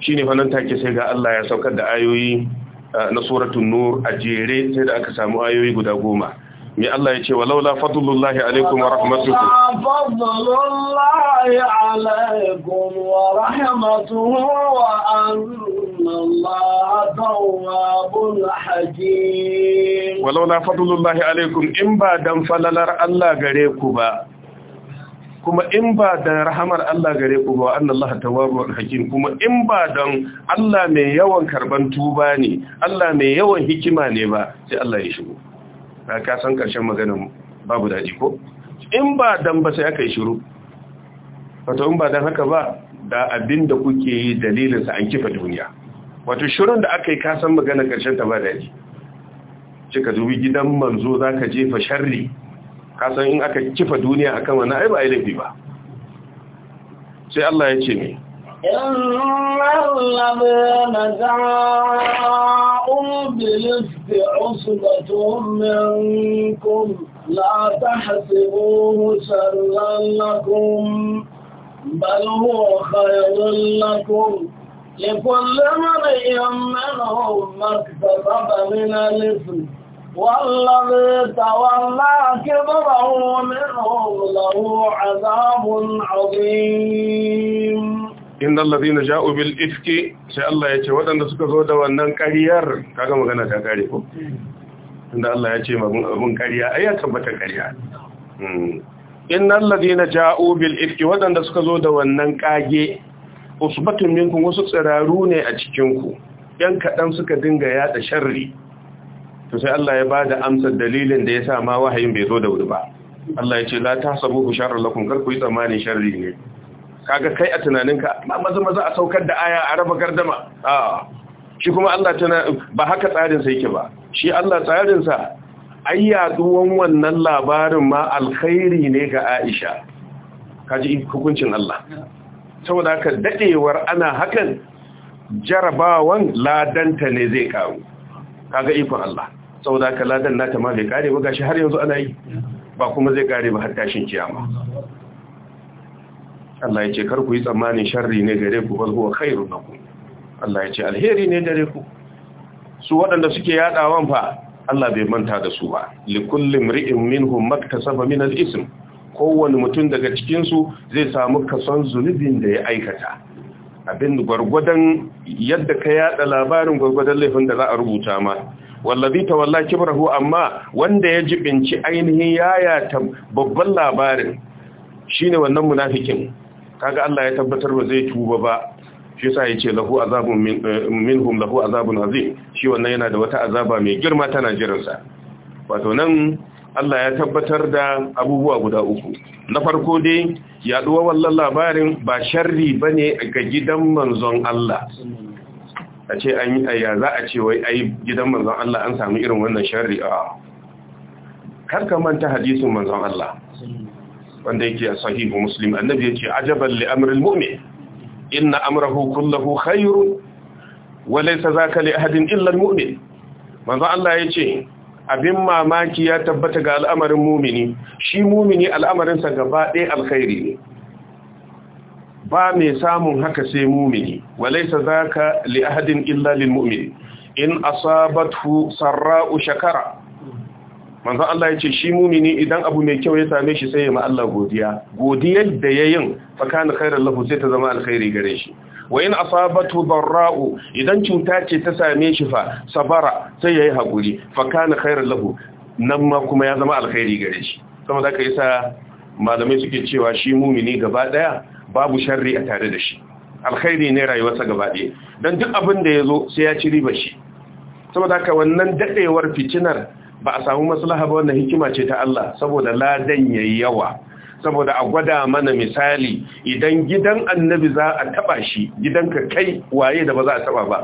Shi ne wannan take sai ga Allah ya saukar da ayoyi na suratul nur a jere sai da aka samu ayoyi guda goma mai Allah ya ce walaula fadlullahi alaikum wa rahmatuhu fadlullahi alaikum wa rahmatuhu wa annallaha tawwabun hakim walaula fadlullahi alaikum in ba dan falalar Allah gare ku ba kuma in ba da rahamar Allah gare ku ba annan Allah tawwabu hakim kuma in ba don Allah mai yawan karban tuba ne Allah mai yawan hikima ne ba sai Allah ya shigo ka san karshen maganin babu daji ko in ba don ba sai aka yi shiru wato in ba don haka ba da abin da kuke yi dalilinsa an kifa duniya wato shirun da aka yi kasan magana ƙarshen karshen ta ba daji cika zubi gidan manzo ka jefa sharri kasan in aka kifa duniya akan wannan ai ba ai laifi ba sai Allah ya ce me inna allazina za'u bil usbatun minkum la tahsibuhu sharran بل هو خير لكم لكل من يمنهم ما من الإثم والذي تولى كبره منهم له عذاب عظيم alladhina ja'u bil ifki sai allah yace wadanda suka zo da wannan ƙaryar kaga magana ta kare ko inda Allah yace ce mun ƙarya ai ya tabbata ƙarya inna alladhina ja'u bil ifki wadanda suka zo da wannan kage usbatun minkum wasu tsiraru ne a cikin ku yan kadan suka dinga yada sharri to sai Allah ya bada amsar dalilin da ya sa ma wahayin bai zo da wuri ba Allah ya ce la tahsabuhu sharran lakum kar ku yi tsammanin sharri ne kaga kai a tunaninka ma maza maza a saukar da aya a raba gardama a shi kuma Allah tana ba haka tsarin sa yake ba shi Allah tsarin sa ai duwan wannan labarin ma alkhairi ne ga Aisha kaji hukuncin Allah saboda haka dadewar ana hakan jarabawan ladanta ne zai kawo kaga ikon Allah saboda ka ladan nata ma bai kare ba gashi har yanzu ana yi ba kuma zai kare ba har tashin kiyama Allah ya ce kar ku yi tsammanin sharri ne gare ku ba zuwa khairun lakum Allah ya ce alheri ne gare ku su waɗanda suke yadawan fa Allah bai manta da su ba likullin mri'in minhum maktasaba min al-ism Kowane mutum daga cikin su zai samu kasan zunubin da ya aikata abin gwargwadon yadda ka yada labarin gwargwadon laifin da za a rubuta ma wallazi tawalla kibrahu amma wanda ya jibinci ainihin yaya ta babban labarin shine wannan munafikin kaga Allah ya tabbatar ba zai tuba ba shi yasa yace lahu azabun eh, minhum lahu azabun azim shi wannan yana da wata azaba mai girma tana jiransa wato nan Allah ya tabbatar da abubuwa guda uku na farko dai yaduwa wallan labarin ba sharri bane ga gidan manzon Allah a ce an yi aya za a ce wai ai gidan manzon Allah an samu irin wannan sharri a kar ka manta hadisin manzon Allah wanda yake a sahihu muslim annabi yake ajaban li amril mu'min inna amrahu kulluhu khairun wa za zaka li ahadin illa manzon Allah yace abin mamaki ya tabbata ga al'amarin mumini shi mumini al'amarinsa gaba ɗaya alkhairi ne ba mai samun haka sai mumini walaisa zaka li ahadin illa lil mu'min in asabathu sarra'u shakara manzon Allah ya ce shi mumini idan abu mai kyau ya same shi sai ya ma Allah godiya godiyar da ya yin fakani khairar lahu sai ta zama alkhairi gare shi wa in asabatu barrau idan cuta ce ta same shi fa sabara sai yayi hakuri fa fakani khairar lahu nan ma kuma ya zama alkhairi gare shi saboda haka yasa malamai suke cewa shi mumini gaba daya babu sharri a tare da shi alkhairi ne rayuwarsa gaba daya dan duk abin da ya zo sai ya ci riba shi saboda haka wannan dadewar fitinar ba a samu maslaha ba wannan hikima ce ta Allah saboda ladan yayi yawa saboda a gwada mana misali idan gidan annabi za a taba shi gidanka kai waye da ba za a taba ba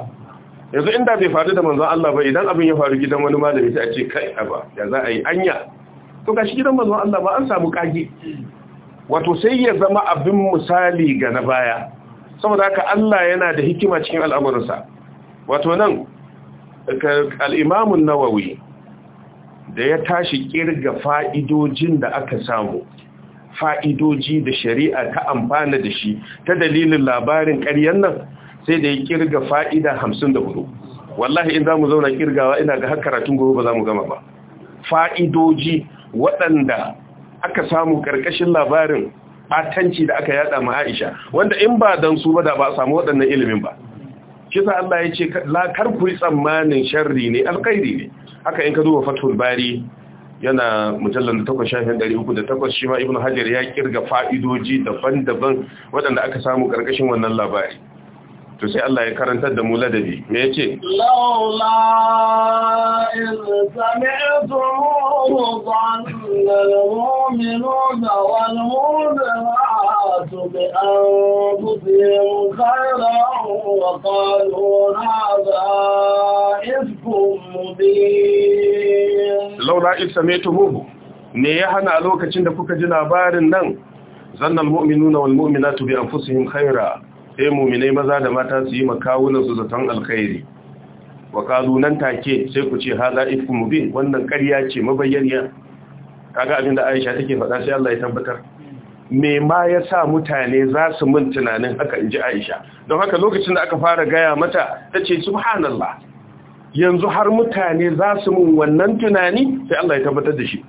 yanzu inda bai faru da manzon Allah ba idan abin ya faru gidan wani malami sai a ce kai ba ya za a yi anya to gashi gidan manzon Allah ba an samu kage wato sai ya zama abin misali ga na baya saboda haka Allah yana da hikima cikin al'amuransa wato nan al-Imam an-Nawawi da ya tashi kirga fa'idojin da aka samu fa'idoji da shari'a ta amfana da shi ta dalilin labarin ƙaryan nan sai da ya kirga fa'ida hamsin da hudu wallahi in za mu zauna kirgawa ina ga har karatun gobe ba za mu gama ba fa'idoji waɗanda aka samu ƙarƙashin labarin ɓatanci da aka yada ma Aisha wanda in ba don su ba da ba samu waɗannan ilimin ba kisa Allah ya ce la kar tsammanin sharri ne alkhairi ne haka in ka duba fatul bari yana mujallar da takwas shafin ɗari uku da takwas shi ma ibn hajar ya kirga fa'idoji daban-daban waɗanda aka samu ƙarƙashin wannan labari to sai Allah ya karantar da mu ladabi me yace laula in sami'tumu dhanna laula in sami'tumu ne ya hana lokacin da kuka ji labarin nan zannal muminuna wal mu'minatu bi anfusihim khaira sai muminai maza da mata su yi makawunan su zaton alkhairi wa kazu nan take sai ku ce hada ifku mubin wannan ƙarya ce mabayyaniya kaga abin da Aisha take faɗa sai Allah ya tabbatar me ma yasa mutane za su mun tunanin haka inji Aisha don haka lokacin da aka fara gaya mata tace subhanallah yanzu har mutane za su mun wannan tunani sai Allah ya tabbatar da shi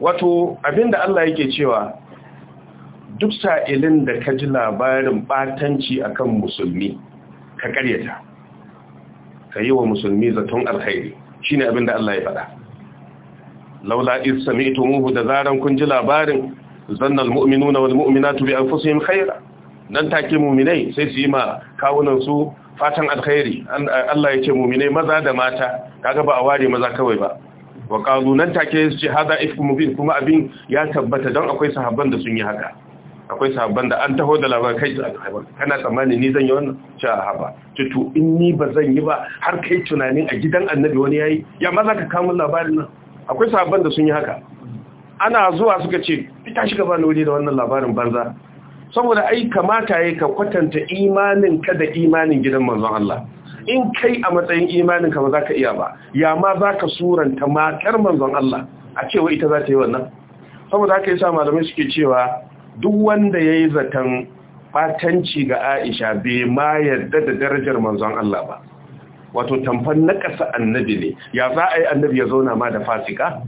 wato abinda Allah yake cewa duk sa'ilin da ka ji labarin batanci akan musulmi ka karyata ka yi wa musulmi zaton alkhairi shine abin da Allah ya faɗa laula iz sami'tumuhu da zaren kun ji labarin zannan na wani wal mu'minatu bi yin khaira nan take mu'minai sai su yi ma kawunansu fatan alkhairi Allah ya ce mu'minai maza da mata kaga ba a ware maza kawai ba wa qalu nan take su ce haza ifkum mubin kuma abin ya tabbata don akwai sahabban da sun yi haka akwai sahabban da an taho da labarin kai kana tsammani ni zan yi wannan ce a haba tutu in ni ba zan yi ba har kai tunanin a gidan annabi wani ya yi? ya ma za ka kamun labarin nan akwai sahabban da sun yi haka ana zuwa suka ce fita shi gaba wuri da wannan labarin banza saboda ai kamata ya ka kwatanta imanin ka da imanin gidan manzon Allah in kai a matsayin imanin ka ba za ka iya ba ya ma za ka suranta matar manzon Allah a cewa ita za ta yi wannan saboda haka yasa malamai suke cewa duk wanda ya yi zaton ɓatanci ga aisha bai ma yarda da darajar manzon Allah ba wato tamfan na ƙasa annabi ne ya za a yi annabi ya zauna ma da fasika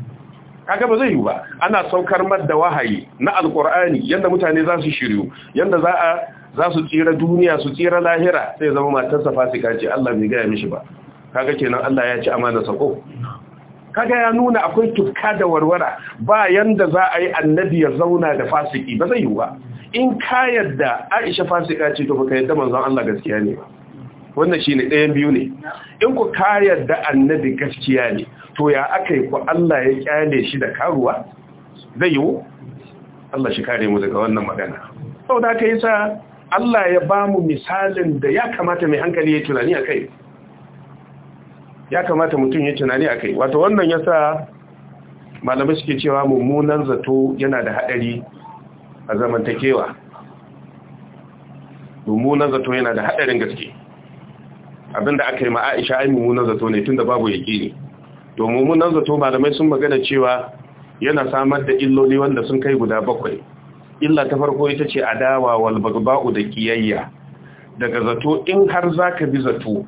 kaga ba zai yi ba ana saukar madda wahayi na alkur'ani yadda mutane za su shiryu yadda za a za su tsira duniya su tsira lahira sai zama matarsa fasika ce Allah bai gaya mishi ba kaga kenan Allah ya ci amana sako kaga ya nuna akwai tukka da warwara ba yanda za a yi annabi ya zauna da fasiki ba zai yi ba in ka yadda Aisha fasika ce to baka yadda manzon Allah gaskiya ne wannan shine ɗayan biyu ne in ku ka yadda annabi gaskiya ne to ya akai ku Allah ya kyale shi da karuwa zai yi Allah shi kare mu daga wannan magana saboda kai sa Allah ya bamu misalin da ya kamata mai hankali ya tunani akai ya kamata mutum ya tunani a kai wato wannan ya sa malamai suke cewa mummunan zato yana da haɗari a zamantakewa mummunan zato yana da haɗarin gaske abinda aka yi ma aisha ai mummunan zato ne tun da babu yaƙi ne to mummunan zato malamai sun magana cewa yana samar da illoli wanda sun kai guda bakwai illa ta farko ita ce adawa wal bagba'u da kiyayya daga zato in har zaka bi zato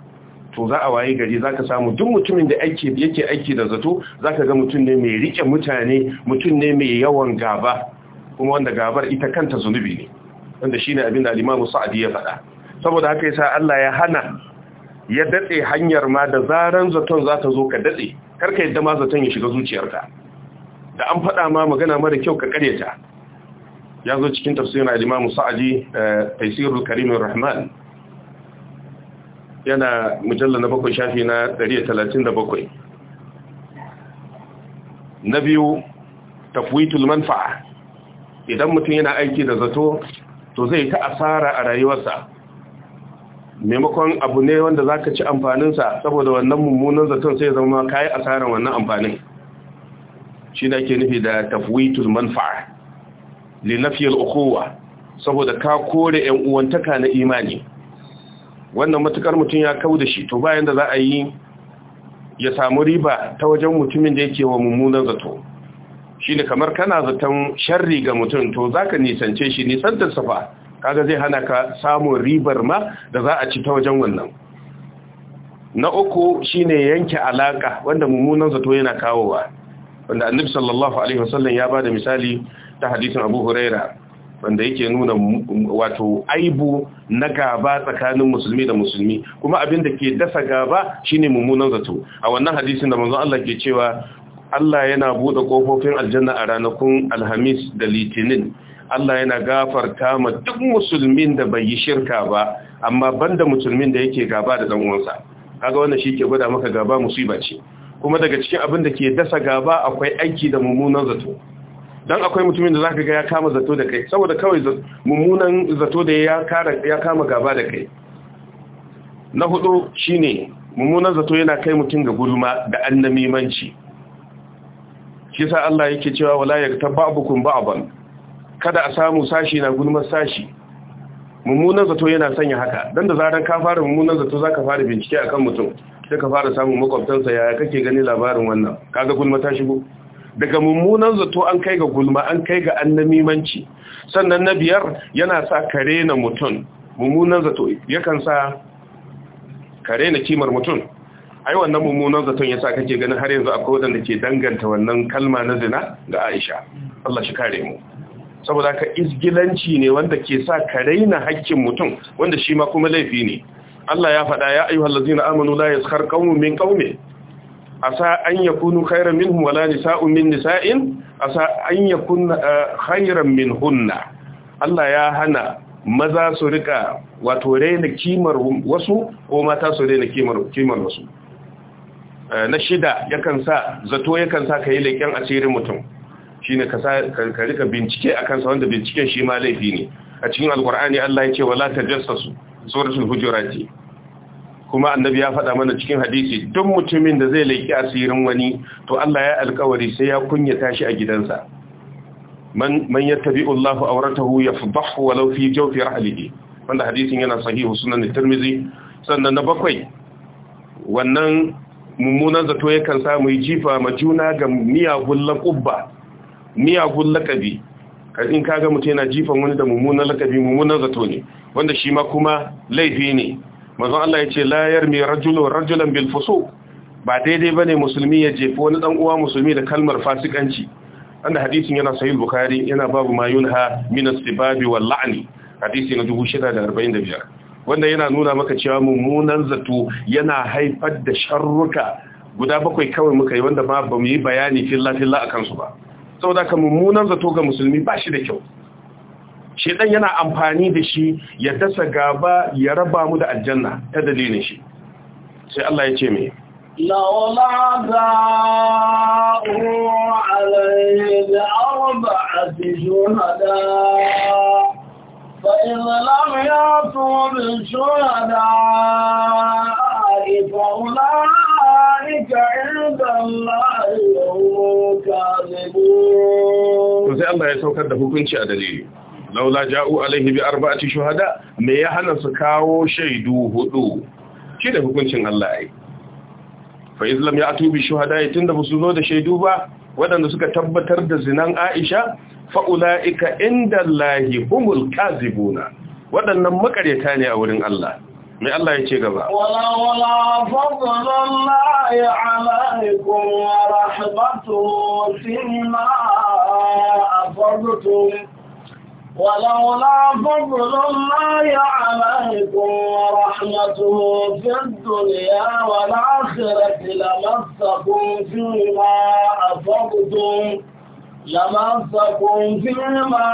to za a waye gari za ka samu duk mutumin da yake aiki da zato za ka ga mutum ne mai rike mutane mutum ne mai yawan gaba kuma wanda gabar ita kanta zunubi ne wanda shine abin da alimamu sa'adi ya faɗa saboda haka yasa Allah ya hana ya datse hanyar ma da zaran zaton za ta zo ka datse Kar ka yadda ma zaton ya shiga zuciyarka da an faɗa ma magana mara kyau ka karyata ya zo cikin tafsirin alimamu sa'adi eh, taisirul karimin rahman yana mujallar na bakwai shafi na 137 na biyu tafwitul manfa'a idan mutum yana aiki da zato to zai ta asara a rayuwarsa maimakon abu ne wanda za ka ci amfaninsa saboda wannan mummunan zaton sai zama ka yi asarar wannan amfanin shi da ke nufi da tafwitul manfa'a linafiyar okowa, saboda ka kore 'yan uwantaka na imani wannan matukar mutum ya kawo da shi to bayan da za a yi ya samu riba ta wajen mutumin da yake wa mummunan zato ne kamar kana zaton sharri ga mutum to za ka nisance shi da safa kaga zai hana ka samun ribar ma da za a ci ta wajen wannan na uku shi ne yanke alaka wanda mummunan zato yana kawowa wanda annabi sallallahu alaihi wasallam ya bada misali ta hadisin Abu Huraira wanda yake nuna wato aibu na gaba tsakanin musulmi da musulmi kuma abin da ke dasa gaba shine mummunan zato a wannan hadisin da manzon Allah ke cewa Allah yana bude kofofin aljanna a ranakun alhamis da litinin Allah yana gafarta ma duk musulmin da bai yi shirka ba amma banda musulmin da yake gaba da dan uwansa kaga wannan shi ke gwada maka gaba musiba ce kuma daga cikin abin da ke dasa gaba akwai aiki da mummunan zato don akwai mutumin da zaka ga ya kama zato da kai saboda kawai mummunan zato da ya kama gaba da kai na hudu shine mummunan zato yana kai mutum ga gulma da annamimanci shi sa Allah yake cewa wala yaktababukum ba'ban kada a samu sashi na gulmar sashi mummunan zato yana sanya haka dan da zaran ka fara mummunan zato zaka fara bincike akan mutum sai ka fara samun makwabtansa yaya kake gani labarin wannan kaga gulma ta shigo daga mummunan zato an kai ga gulma an kai ga annamimanci sannan na biyar yana sa kare na mutum mummunan zato yakan sa kare na kimar mutum ai wannan mummunan zaton sa kake ganin har yanzu akwai wadanda ke danganta wannan kalma na zina ga Aisha Allah shi kare mu saboda ka isgilanci ne wanda ke sa kare na hakkin mutum wanda shi ma kuma laifi ne Allah ya faɗa ya ayyuhallazina amanu la yaskhar qaumun min qaumin asa an yakunu khairan minhum wala nisa'un min nisa'in asa an yakuna eh, khairan minhunna Allah ya hana maza su rika wato raina kimar wasu ko mata su raina kimar kimar wasu eh, na shida yakan sa zato yakan sa kai leken asirin mutum shine ka ka rika bincike akan sa wanda binciken shi ma laifi ne a cikin alqur'ani Allah ya ce wala tajassasu suratul hujurati kuma annabi ya faɗa mana cikin hadisi duk mutumin da zai laiki asirin wani to Allah ya alƙawari sai ya kunyata shi a gidansa man man yattabi'u Allahu awratahu yafdahu walau fi jawfi rahlihi wanda hadisin yana sahihu sunan Tirmidhi sannan na bakwai wannan mummunan zato yakan samu jifa ma juna ga miyagun laqabba miyagun laqabi in kaga mutum yana jifan wani da mummunan laqabi mummunan zato ne wanda shi ma kuma laifi ne manzon Allah ya ce layar mai rajulo rajulan bilfoso. ba daidai ba ne musulmi ya jefi wani dan uwa musulmi da kalmar fasikanci annan hadisin yana sahih bukari yana babu mayun la'ani. minas na sibab wal la'n hadisi na 645 wanda yana nuna maka cewa mummunan zato yana haifar da sharruka guda bakwai kawai muka yi wanda ma ba mu yi bayani filla filla a kansu ba saboda ka mummunan zato ga musulmi ba shi da kyau ɗan yana amfani da shi ya dasa gaba ya raba mu da aljanna ta dalilin shi sai Allah ya ce me laula za'u alayhi arba'ati shuhada fa in lam yatu bil shuhada fa ulaika inda Allah yawm kadibun sai Allah ya saukar da hukunci a dalili? laula ja'u alaihi bi arba'ati shuhada me ya hana su kawo shaidu hudu shi da hukuncin Allah ai fa islam ya atubi shuhada tunda ba su zo da shaidu ba waɗanda suka tabbatar da zinan Aisha fa ulaika inda lahi humul kazibuna waɗannan makaryata ne a wurin Allah mai Allah ya ce gaba wala ولولا فضل الله عليكم ورحمته في الدنيا والآخرة لمسكم فيما أفضتم لمسكم فيما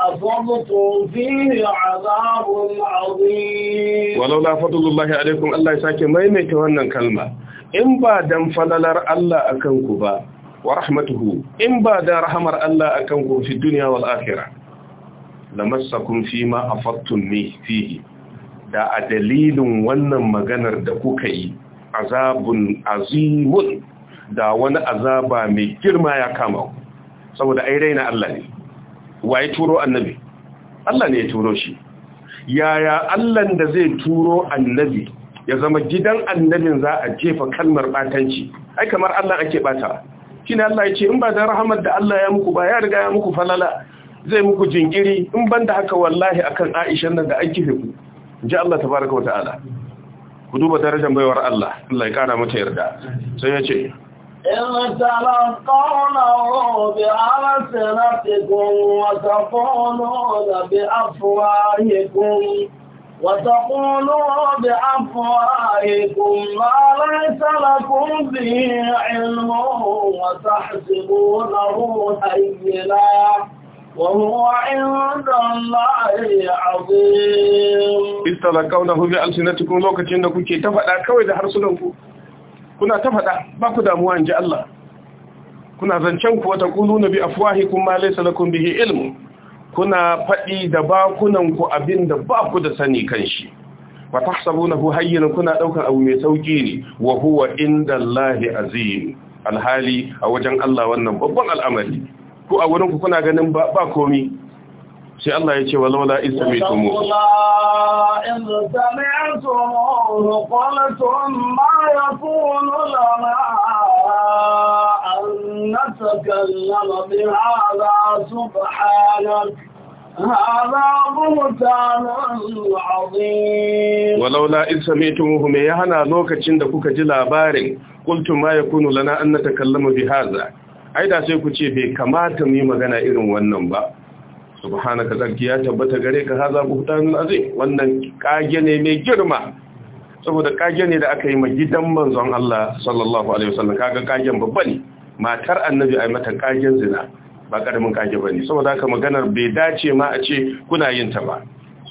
أفضتم فيه عذاب عظيم ولولا فضل الله عليكم الله يساكي ما يميت wannan kalma in ba dan falalar Allah akan ku ba wa rahmatuhu in ba da rahamar Allah akan ku fi duniya wal akhirah lamassakum fima afattum fihi da a dalilin wannan maganar da kuka yi azabun azimun da wani azaba mai girma ya kama ku saboda ai raina Allah ne waye turo annabi Allah ne ya turo shi yaya Allah da zai turo annabi ya zama gidan annabin za a jefa kalmar batanci ai kamar Allah ake bata shine Allah ya ce in ba da rahamar da Allah ya muku ba ya riga ya muku falala zai muku jinkiri in ban da haka wallahi akan Aisha nan da an kife ku ji Allah tabaraka wa ta'ala ku duba darajar baiwar Allah Allah ya kara mata yarda sai ya ce تلقونه بألسنتكم وتقولون بأفواهكم وتقولوا بأفواهكم da ليس لكم به علم وتحسبونه هينا وهو عند الله عظيم استلقونه بألسنتكم لوكتين كنت تفعل كوي ده harsunanku kuna ta faɗa ba damuwa in ji Allah kuna zancen ku wata ƙulu na bi afuwahi kuma laisa lakum bihi ilmu kuna faɗi da bakunanku abin da ba ku da sani kan shi wa ku hayyinan kuna ɗaukar abu mai sauki ne wa huwa indallahi azim alhali a wajen Allah wannan babban al'amari ku a wurin ku kuna ganin ba komi sai Allah ya ce walaula in sami'tumu هذا بهتان عظيم ولولا إذ سمعتموه ما يهنا لوكacin da kuka ji labarin qultum ma yakunu lana an natakallama bi hadha ai da sai ku ce bai kamata mu yi magana irin wannan ba subhanaka zarki ya tabbata gare ka haza buhtanun azim wannan kage ne mai girma saboda kage ne da aka yi ma gidan manzon Allah sallallahu alaihi wasallam kaga kagen babba ne matar annabi ai mata kagen zina ba karamin kage bane saboda haka maganar bai dace ma a ce kuna yin ta ba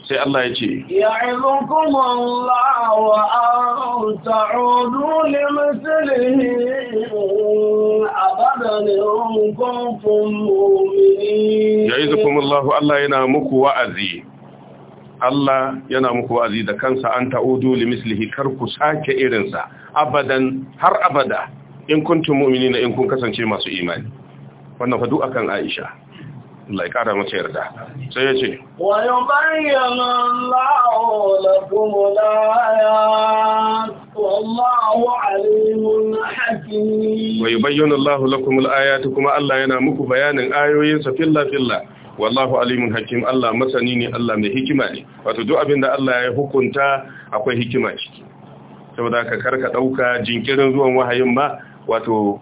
sai Allah ya ce ya ya'idukum Allah wa an ta'udu li mithlihi abadan yumkum mu'minin ya'idukum Allah Allah yana muku wa'azi Allah yana muku wa'azi da kansa an ta'udu li mislihi kar ku sake irin sa abadan har abada in kuntum mu'minina in kun kasance masu imani wannan fadu kan Aisha Allah ya mace yarda sai ya ce wa yubayyana Allahu lakum al wallahu alimun kuma Allah yana muku bayanin ayoyinsa filla filla wallahu alimun hakim Allah masani ne Allah mai hikima ne wato duk abin da Allah ya hukunta akwai hikima ciki saboda ka karka dauka jinkirin zuwan wahayin ma wato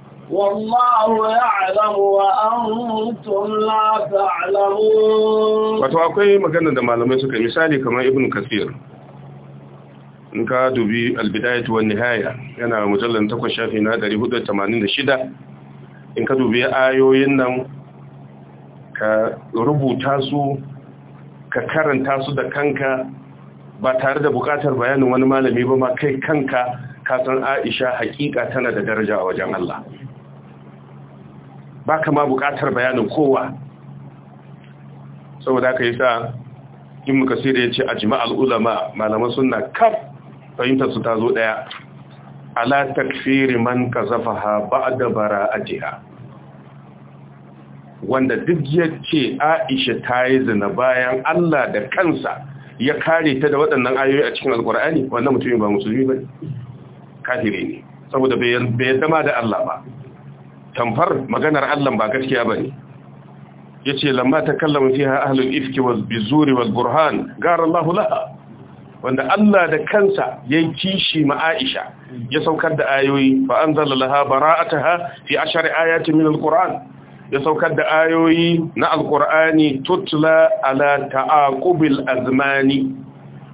والله يعلم وأنتم لا تعلمون wato akwai magana da malamai suka misali kamar ibn kasir in ka dubi albidayat wa nihaya yana mujallar takwas, shafi na 486 in ka dubi ayoyin nan ka rubuta su ka karanta su da kanka ba tare da bukatar bayanin wani malami ba ma kai kanka ka san Aisha hakika tana da daraja a wajen Allah ba ma bukatar bayanin kowa saboda aka yi sa sai da ya ce a ajma'al ulama malaman suna kaf fahimtar su ta zo ɗaya ala takfiri man dabara a jiha. wanda duk yace Aisha ta yi zina bayan Allah da kansa ya kare ta da waɗannan ayoyi a cikin alkur'ani wannan mutumin ba musulmi ba. ne kafiri ne saboda bai yarda da Allah ba tamfar maganar Allah ba gaskiya bane yace lamma takallama fiha ahlul ifki wal bizuri wal burhan gara Allah laha wanda Allah da kansa yayin kishi ma Aisha ya saukar da ayoyi fa anzala laha bara'ataha fi ashari ayatin min alquran ya saukar da ayoyi na alqur'ani tutla ala ta'aqubil azmani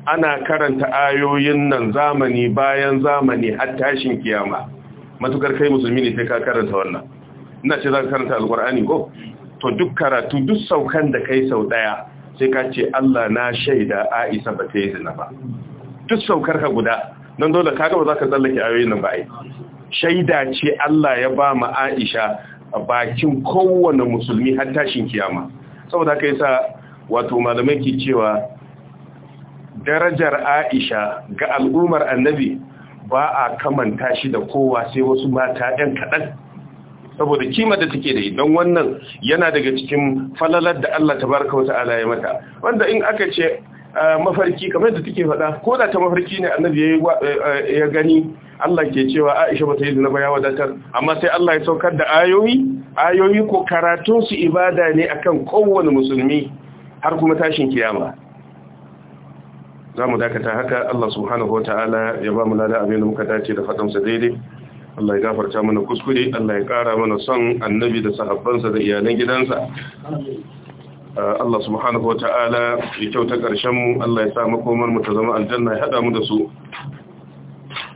ana karanta ayoyin nan zamani bayan zamani har tashin kiyama matukar kai musulmi ne sai ka karanta wannan ina ce za ka karanta alkur'ani ko to duk karatu duk saukan da kai sau daya sai ka ce Allah na shaida Aisha ba ta yi zina ba duk saukar ka guda don dole ka ga ba za ka tsallake ayoyin nan ba ai shaida ce Allah ya ba ma Aisha a bakin kowane musulmi har tashin kiyama saboda haka sa wato malamai ke cewa darajar Aisha ga al'ummar Annabi ba a kamanta shi da kowa sai wasu mata ɗan kaɗan saboda kima da take da yi, don wannan yana daga cikin falalar da Allah tabaraka wa ta'ala ya mata wanda in aka ce ah, mafarki kamar da take faɗa ko da ta mafarki ne annabi ya eh, gani Allah ke cewa Aisha bata yi zina ba ya wadatar amma sai Allah ya saukar da ayoyi ayoyi ko karatun su ibada ne akan kowane musulmi har kuma tashin kiyama za mu dakata haka Allah subhanahu wa ta'ala ya ba mu lada abin da muka dace da faɗansa daidai Allah ya gafarta mana kuskure Allah ya kara mana son annabi da sahabbansa da iyalan gidansa uh, Allah subhanahu wa ta'ala ya kyauta ƙarshen mu Allah ya sa makomar mu ta zama aljanna ya haɗa mu da su